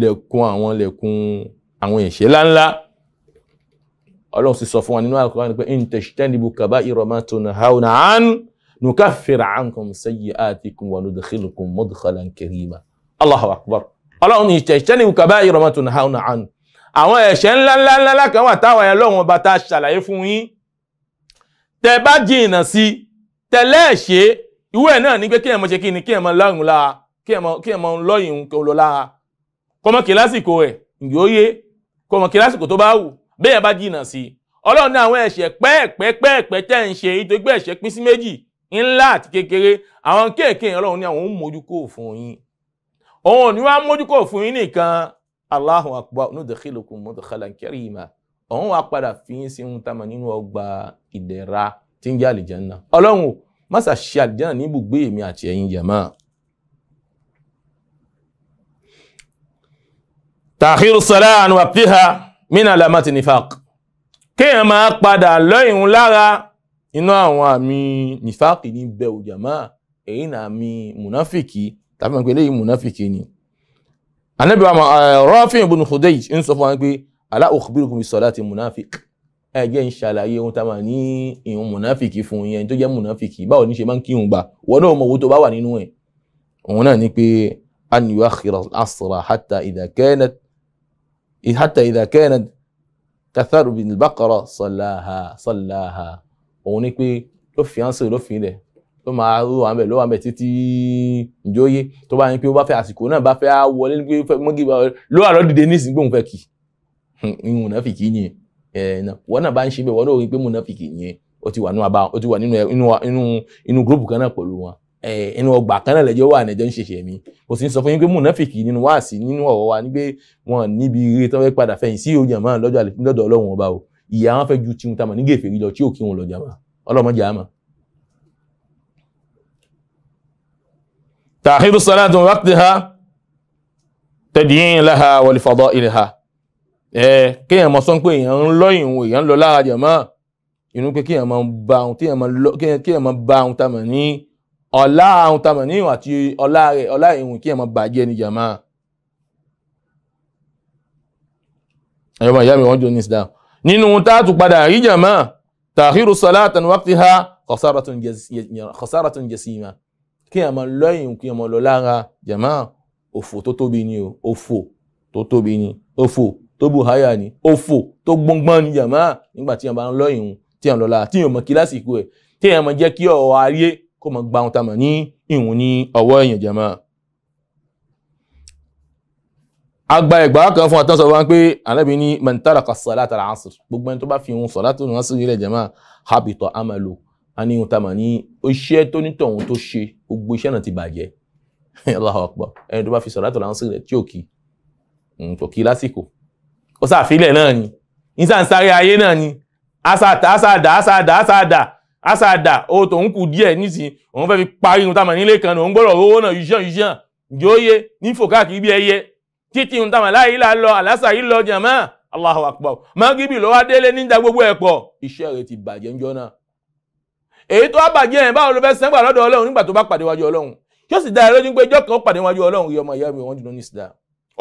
lẹ̀kùn àwọn lẹ̀kùn àwọn ẹ̀ṣẹ̀ ńláńlá ọlọ́run sì sọ fún wa nínú Al-Qur'an pé in tajtanibu kaba'ira ma tunhawna an nukaffiru ankum sayyi'atikum wa nudkhilukum mudkhalan karima Allahu akbar ọlọ́run ní tajtanibu kaba'ira ma tunhawna an àwọn ẹ̀ṣẹ̀ ńláńláńlá kan wà táwọn ẹlọ́run ọba tá a ṣàlàyé fún yín tẹ bá jìnnà sí tẹlẹ́ ṣe ìwé ẹ̀ náà ní pé kí ẹ̀ mọ ṣe kí ni kí ẹ̀ mọ lọ́yìn lára kí ẹ̀ mọ lọ́yìn lọ lára kọ́mọ kí lásìkò ẹ̀ yóò yé kọ́mọ kí lásìkò tó bá wù bẹ́ẹ̀ bá jìnnà sí i ọlọ́run ní àwọn ẹ̀ṣẹ̀ pẹ́ẹ̀pẹ́ẹ̀pẹ́ tẹ́ ń ṣe èyí tó gbé ẹ̀ṣẹ̀ pín sí méjì ńlá àti kékeré àwọn kéèké ọlọ́run ní àwọn ń mójú fún yín òun ní wá mójú fún yín nìkan Allahu akbar nudkhilukum mudkhalan karima òun wá padà fi yín sí ohun tá a mọ̀ nínú ọgbà ìdẹ̀ra tí ń jẹ́ àlìjánnà ọlọ́run mọ́sà ṣe àlìjáná ní ibùgbé èmi àti ẹ̀yin jàmá. tàhírù sọ́lá àánú àpíhà mínà àlámàtì nífàk kéèyàn máa padà lọ́yìn lára iná àwọn àmì nífàk ní bẹ̀rù jàmá èyí náà àmì mùnáfìkì tàbí mọ̀ pé eléyìí mùnáfìkì ni. ànábì wa Rafi' ibn Khudayj ń sọ fún wa pé alá ukhbirukum bis salati munafiq ẹ jẹ́ ń ṣàlàyé ohun tá a máa ní ìhun mùnáfìkì fún yẹn tó jẹ́ mùnáfìkì báwo ní ṣe máa ń kírun gbà wọ́n náà mọ̀ owó tó bá wà nínú ẹ̀ òun náà ni pé an yuakhira al-asra hatta idha kanat hatta idha kanat katharu sallaha sallaha òun ni pé ló fi ánsẹ̀ ló fi ilẹ̀ ló máa rú àwọn bẹ̀ ló wà bẹ̀ títí ìjóye tó bá ní pé ó bá fẹ́ àsìkò náà bá fẹ́ wọlé ló wà lọ́dìde ní ìsìnkú òun fẹ́ kì í ìhun mùnáfìkì yẹn wọn náà bá ń ṣe bẹ́ẹ̀ wọn náà rí i pé múnáfìkì yẹn ó ti wà nínú abá ó ti wà nínú inú inú gúrúùpù kan náà pẹ̀lú wọn inú ọgbà kan náà lẹ́jọ́ wà nẹ́jọ́ ń ṣẹ̀ṣẹ̀ mi kò sì ń sọ fún yín pé múnáfìkì nínú wáàsí nínú ọ̀rọ̀ wa ni pé wọn níbi ire tí wọn fẹ́ padà fẹ̀yìn sí òjò àmọ́ lọ́jọ́ lọ́dọ̀ ọlọ́run ọba o ìyá wọn fẹ́ ju tiwọn tamọ̀ ní gèfèrí lọ tí ò kí wọn lọ jàmọ́ ọlọ́mọdé àmọ́. tàhírù sọ́lá tó wákìtì ha tẹ̀díyìn láha wọlé fọ́dọ̀ ilẹ̀ ha ẹ kéèyàn mọ sọ pé èèyàn ń lọ ìhun èèyàn ń lọ lára jẹ mọ inú pé kéèyàn mọ ba ohun kéèyàn mọ lọ kéèyàn mọ ba ohun tamọ ní ọlá ohun tamọ ní ìhun àti ọlá rẹ ọlá ìhun kéèyàn mọ bàjẹ́ ní jàmá. ẹ̀rọ ìyá mi wọ́n jọ ní islam nínú táàtù padà rí jàmá tàhírù salatan waqtiha khasaratun jasima kéèyàn mọ lọ ìhun kéèyàn mọ lọ lára jàmá òfò tó tóbi ni o òfò tó tóbi ni òfò tó bù háyà ni òfò tó gbọ́ngbọ́n ni jàmá nígbà tí yàn bá ń lọ ìhun tí yàn lọ́la tí yàn mọ̀ kí lásìkò ẹ̀ tí yàn mọ̀ jẹ́ kí ọ̀rọ̀ ayé kó mọ̀ gba ohun tá ní ìhun ní ọwọ́ èèyàn jàmá. agba ẹ̀gbá kan fún àtúnṣe wọn pé anábì ní man taraka salata al-asr gbogbo ẹni tó bá fi ìhun salatu al-asr ilẹ̀ jàmá habita amalu ani ohun tá mọ̀ ní iṣẹ́ tó nítọ̀ ohun tó ṣe gbogbo iṣẹ́ náà ti bàjẹ́ (laughs) ẹni tó bá fi salatu al-asr rẹ̀ tí ò kí kò kí lásìkò ó sàfilẹ̀ náà ni nísàn sáré ayé náà ni àsàdà àsàdà àsàdà àsàdà àsàdà ó tó ń kù díẹ̀ nísìn òun fẹ́ fi parí ohun táwọn nílé kan òun gbọ́dọ̀ owó náà yíṣàn yíṣàn yóòye nífò káàkiri bí ẹyẹ títí ohun táwọn aláyé là lọ àlásà yìí lọ jàmá Allahu akbar mágíbì lọ́wọ́ adélé níjà gbogbo ẹ̀ pọ̀ iṣẹ́ rẹ̀ ti bàjẹ́ ńjọ́ náà èyí tó bàjẹ́ yẹn báwo ló fẹ́ sẹ́gbà lọ́dọ̀ Ọlọ́run nígbà tó bá pàdé wájú Ọlọ́run yóò sì dá ẹ lójú pé ìjọ́ kan ó pàdé wájú Ọlọ́run rí ìyá mi wọ́n dùn ní ìsìdá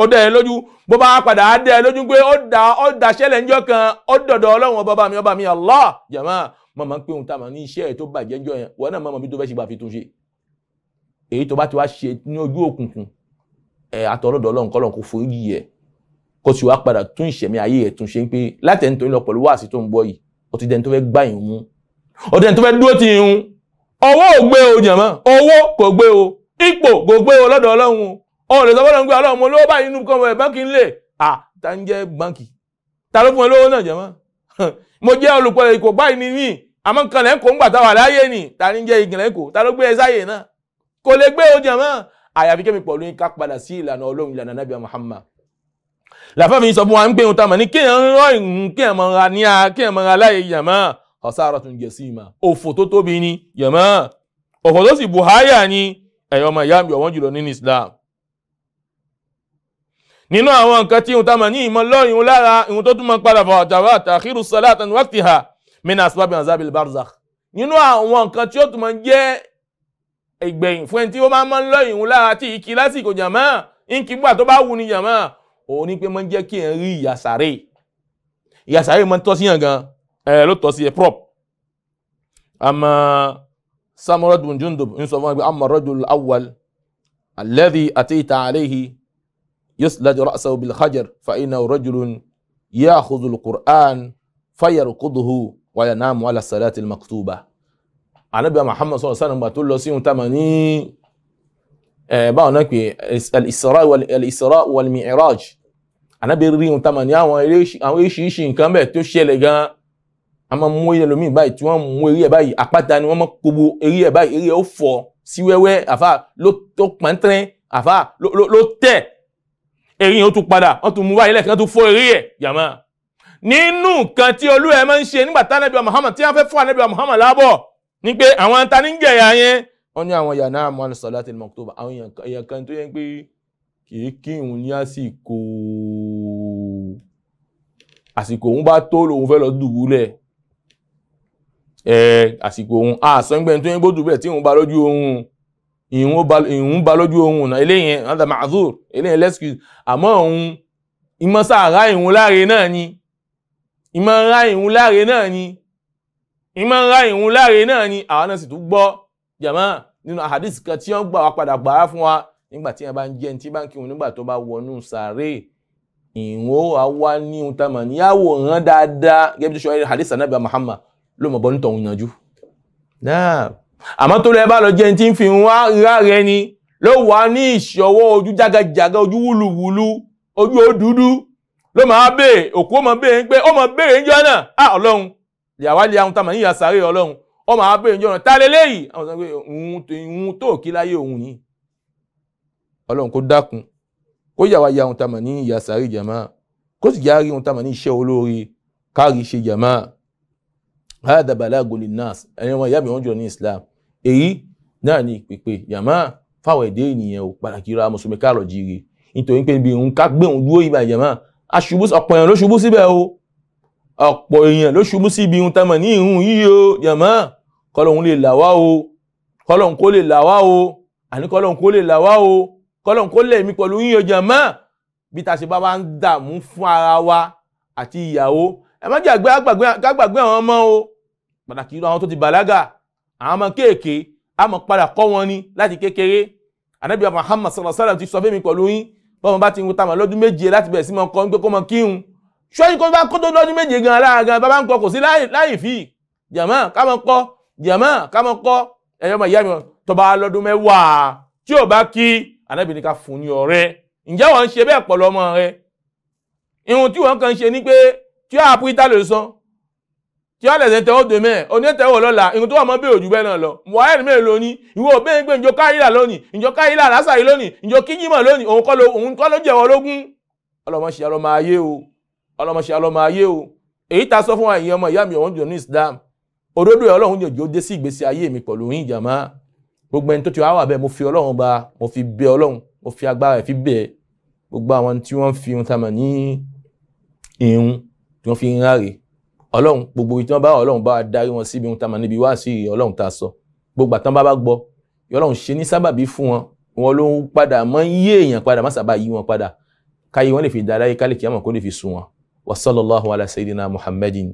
ó dẹ̀ lójú bó bá padà á dẹ̀ lójú pé ó dà ó dà ṣẹlẹ̀ ńjọ́ kan ó dọ̀dọ̀ ọlọ́run ọba bá mi ọba mi Allah jàmá mo máa ń pé ohun tá a máa ní iṣẹ́ ẹ̀ tó bàjẹ́ ńjọ́ yẹn wọn náà máa mọ̀ bí tó fẹ́ ṣe bá fi tún ṣe èyí tó bá ti wá ṣe ní ojú òkùnkùn ẹ̀ àtọ̀lọ́dọ̀ ọlọ́run kọ́lọ́run kò forí yẹ kó sì wá padà tún ìṣẹ̀mí ayé ẹ̀ tún ṣe pé látẹ̀ni tó ọ lè sọ fọlọ́n gbé ọlọ́run mo lówó báyìí nínú kọ́mọ ẹ̀ báńkì ńlẹ̀ à tá ń jẹ́ báńkì ta ló fún ẹ lówó náà jẹ́ mọ́ (laughs) mo jẹ́ olùpọ̀ èkó báyìí ni mí àmọ́ nǹkan lẹ́ ń kó ń gbà tá wà láyé nì ta ní jẹ́ ìgbìnlẹ̀ èkó ta ló gbé ẹ sáyè náà kò lè gbé o mọ́ àyàfi kẹ́mi pọ̀ lóyún ká padà sí ìlànà ọlọ́run ìlànà nàbíà Muhammad làfẹ́mi sọ fún wa ń gbé ohun tá a mọ̀ ní kéèyàn ń rọ ìhùn kéèyàn mọ̀ ra ní a kéèyàn mọ̀ ra láyé ni yàmọ́ òfò tó sì ni Islam nínú àwọn nǹkan tí ìhun tá a mọ̀ ní ìmọ̀ lọ ìhun lára ìhun tó tún mọ̀ padà bọ̀ àtàwọn àtàkìrù salatan waqtiha min asbabi azabil barzakh nínú àwọn nǹkan tí ó tún mọ̀ jẹ́ ìgbẹ̀yìn fún ẹni tí ó máa mọ̀ lọ ìhun lára tí ìkí lásìkò jàmá ìkí tó bá wù ní jàmá òun ni pé mọ̀ jẹ́ kí ẹ̀ rí ìyàsáré ìyàsáré mọ̀ tọ́ sí yàn gan ẹ̀ ló tọ́ sí ẹ̀ prop àmọ́ samurad bin jundub ń sọ fún ẹ pé amma rajul awwal alladhi يسلد رأسه بالخجر فإنه رجل يأخذ القرآن فيرقضه وينام على الصلاة المكتوبة النبي محمد صلى الله عليه وسلم بتقول له سيم تمني آه بقى نكبي الإسراء والإسراء والمعراج أنا بيريم تمني أو آه، إيش أو آه، إيش إيش إن كان بتوش يلقى أما موي لومي باي توم موي باي أقطعني وما كبو إيه باي إيه أوفو سيوه أفا لو توك مانتري أفا لو لو لو تي eyín ó tún padà wọ́n tún mú wáyé lẹ́ẹ̀kan tún fọ́ eré ẹ̀ yàmá nínú nǹkan tí olú ẹ̀ máa ń ṣe nígbà tá anábìá Muhammad tí wọ́n fẹ́ fọ́ anábìá Muhammad lábọ̀ ni pé àwọn tanínjẹ̀yà yẹn wọ́n ní àwọn yàrá àmọ́ salatil maktuba àwọn èèyàn kan tó yẹ pé kìí kírun ní àsìkò àsìkò òun bá tó lòun fẹ́ lọ dùbúlẹ̀ ẹ̀ àsìkò òun àsọ̀ngbẹ̀ tó yẹ gbódùbẹ̀ tí òun bá lójú òun ìhun ba lójú ohun ọ̀nà eléyìn ọ̀dà mazur eléyìn lẹ́sìkìs àmọ́ òun ìmọ̀sá ara ìhun láre náà ni ìmọ̀ ra ìhun láre náà ni ìmọ̀ ra ìhun láre náà ni àwọn náà sì tún gbọ́ jàmá nínú àhàdìsì kan tí wọ́n gbà wá padà gbàrá fún wa nígbà tí wọ́n bá ń jẹun tí bá ń kírun nígbà tó bá wọnú sàárè ìhun ó wá wá ní ohun tá a mọ̀ níyàwó rán dáadáa gẹ́gẹ́ bí tó ṣe wáyé àhàdìsì anábìá Muhammad ló mọ̀ bọ́ nítorí yanjú. dáàbò àmọ́ tó lẹ́ bá lọ jẹ́ tí ń fi wá ráre ni ló wà ní ìṣọwọ́ ojú jágajàga ojú wúluwúlu ojú òdúdú ló máa béè òkú ó máa béè ń pé ó máa béèrè ń jọ náà á ọlọ́run ìyàwó ilé ahun tamọ̀ níyà sáré ọlọ́run ó máa béèrè ń jọ náà ta lélẹ́yìí àwọn sọ pé òun tó kí láyé òun ni ọlọ́run kó dákun kó yàwá ya ohun tamọ̀ ní jàmá kó sì já rí ohun tamọ̀ iṣẹ́ olóore káàrí ṣe jàmá. hada balagul nas. ẹni wọn ìyá mi wọn jọ ní Islam èyí náà ni ìpèpè yàmá fáwọn èdè ènìyàn ò pàtàkì ra mùsùlùmí káàrọ̀ jíire nítorí pé ibi òun ká gbé òun dúró ìgbà yàmá aṣubú ọ̀pọ̀ èèyàn ló ṣubú síbẹ̀ o ọ̀pọ̀ èèyàn ló ṣubú sí ibi ohun tamọ̀ ní ìhun yìí o yàmá kọlọ̀hún lè là wá o kọlọ̀hún kó lè là wá o àní kọlọ̀hún kó lè là wá o kọlọ̀hún kó lè mí pẹ̀lú yíyan jàmá bí ta ṣe bá wá ń dààmú fún ara wa àti ìyàwó ẹ má jẹ́ àgbàgbé àwọn ọmọ o pàtàkì àwọn tó ti bàlágà àwọn ọmọ kéèké a mọ̀ padà kọ́ wọn ni láti kékeré anabi muhammad sallallahu alaihi wasallam ti sọ fún mi pẹ̀lú yín bọ́mọ bá ti ń ta mọ̀ lọ́dún méje láti bẹ̀rẹ̀ sí mọ́ kọ́ ń pé kó mọ kírun ṣọ́yìn kó bá kó tó lọ́dún méje gan ara gan bàbá ń kọ kò sí láì fi jàmọ́ ká mọ̀ kọ́ jàmọ́ ká mọ̀ kọ́ ẹ̀yọ́ mọ̀ ìyá mi tó lọ́dún mẹ́wàá tí ò bá kí anabi ní ká fún ní ọ̀rẹ́ ǹjẹ́ wọ́n ń ṣe bẹ́ẹ̀ pọ̀ lọ́mọ rẹ irun tí wọ́n kàn ṣe ni pé tí ó àpò ìtàlẹ̀ sàn tí ó lẹ̀sẹ̀ tẹ́wọ́ dèmẹ́ onítẹ̀wọ́ lọ́la ìhun tó wà mọ́ bẹ́ẹ̀ òjú bẹ́ẹ̀ náà lọ muhammed mẹ́rin ló ní ìwọ bẹ́ẹ̀ ń gbé ìjọ káyìlá lónìí ìjọ káyìlá lásàyí lónìí ìjọ kíjìmọ̀ lónìí òun kọ́ ló òun kọ́ ló jẹ̀wọ́ lógún ọlọmọṣẹ́ ọlọmọ ayé o ọlọmọṣẹ́ ọlọmọ ayé o èyí ta sọ fún wa ìyẹn ọmọ ìyá mi ọ̀hún jọ ní Islam òdodo ẹ̀ ọlọ́run jòjò dé sí ìgbésí ayé mi pẹ̀lú yín jàmá gbogbo ẹni tó ti wá wà bẹ́ẹ̀ mo fi ọlọ́run ba mo fi bẹ ọlọ́run mo fi agbára ẹ̀ fi bẹ gbogbo àwọn tí wọ́n fi ń tamọ̀ ní irun tí wọ́n fi ń ráre ọlọ́run gbogbo ibi tí wọ́n bá ọlọ́run bá darí wọn síbi ohun tá a mọ̀ níbi wá sí ọlọ́run tá a sọ gbogbo àtàn bá bá gbọ́ ọlọ́run ṣe ní sábàbí fún wọn wọn ló ń padà mọ́ yé èèyàn padà má sábà yí wọn padà káyé wọn lè fi dára yé kálíkì àmọ́ kó lè fi sun wọn wa sallallahu ala sayyidina muhammadin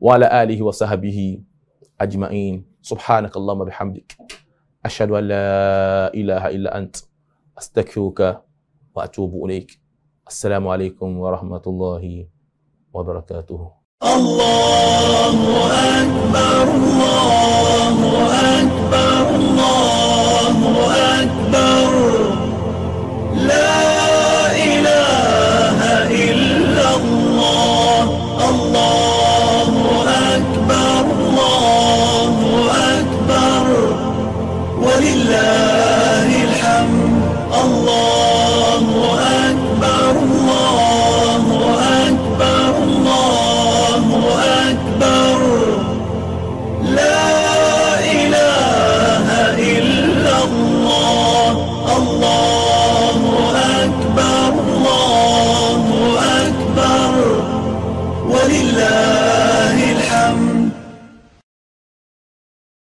wa ala alihi wa sahabihi ajma'in subhanakallahumma bihamdik ashhadu an la ilaha illa ant astaghfiruka wa atubu ilayk assalamu alaykum wa rahmatullahi wa barakatuhu الله أكبر الله أكبر الله أكبر لا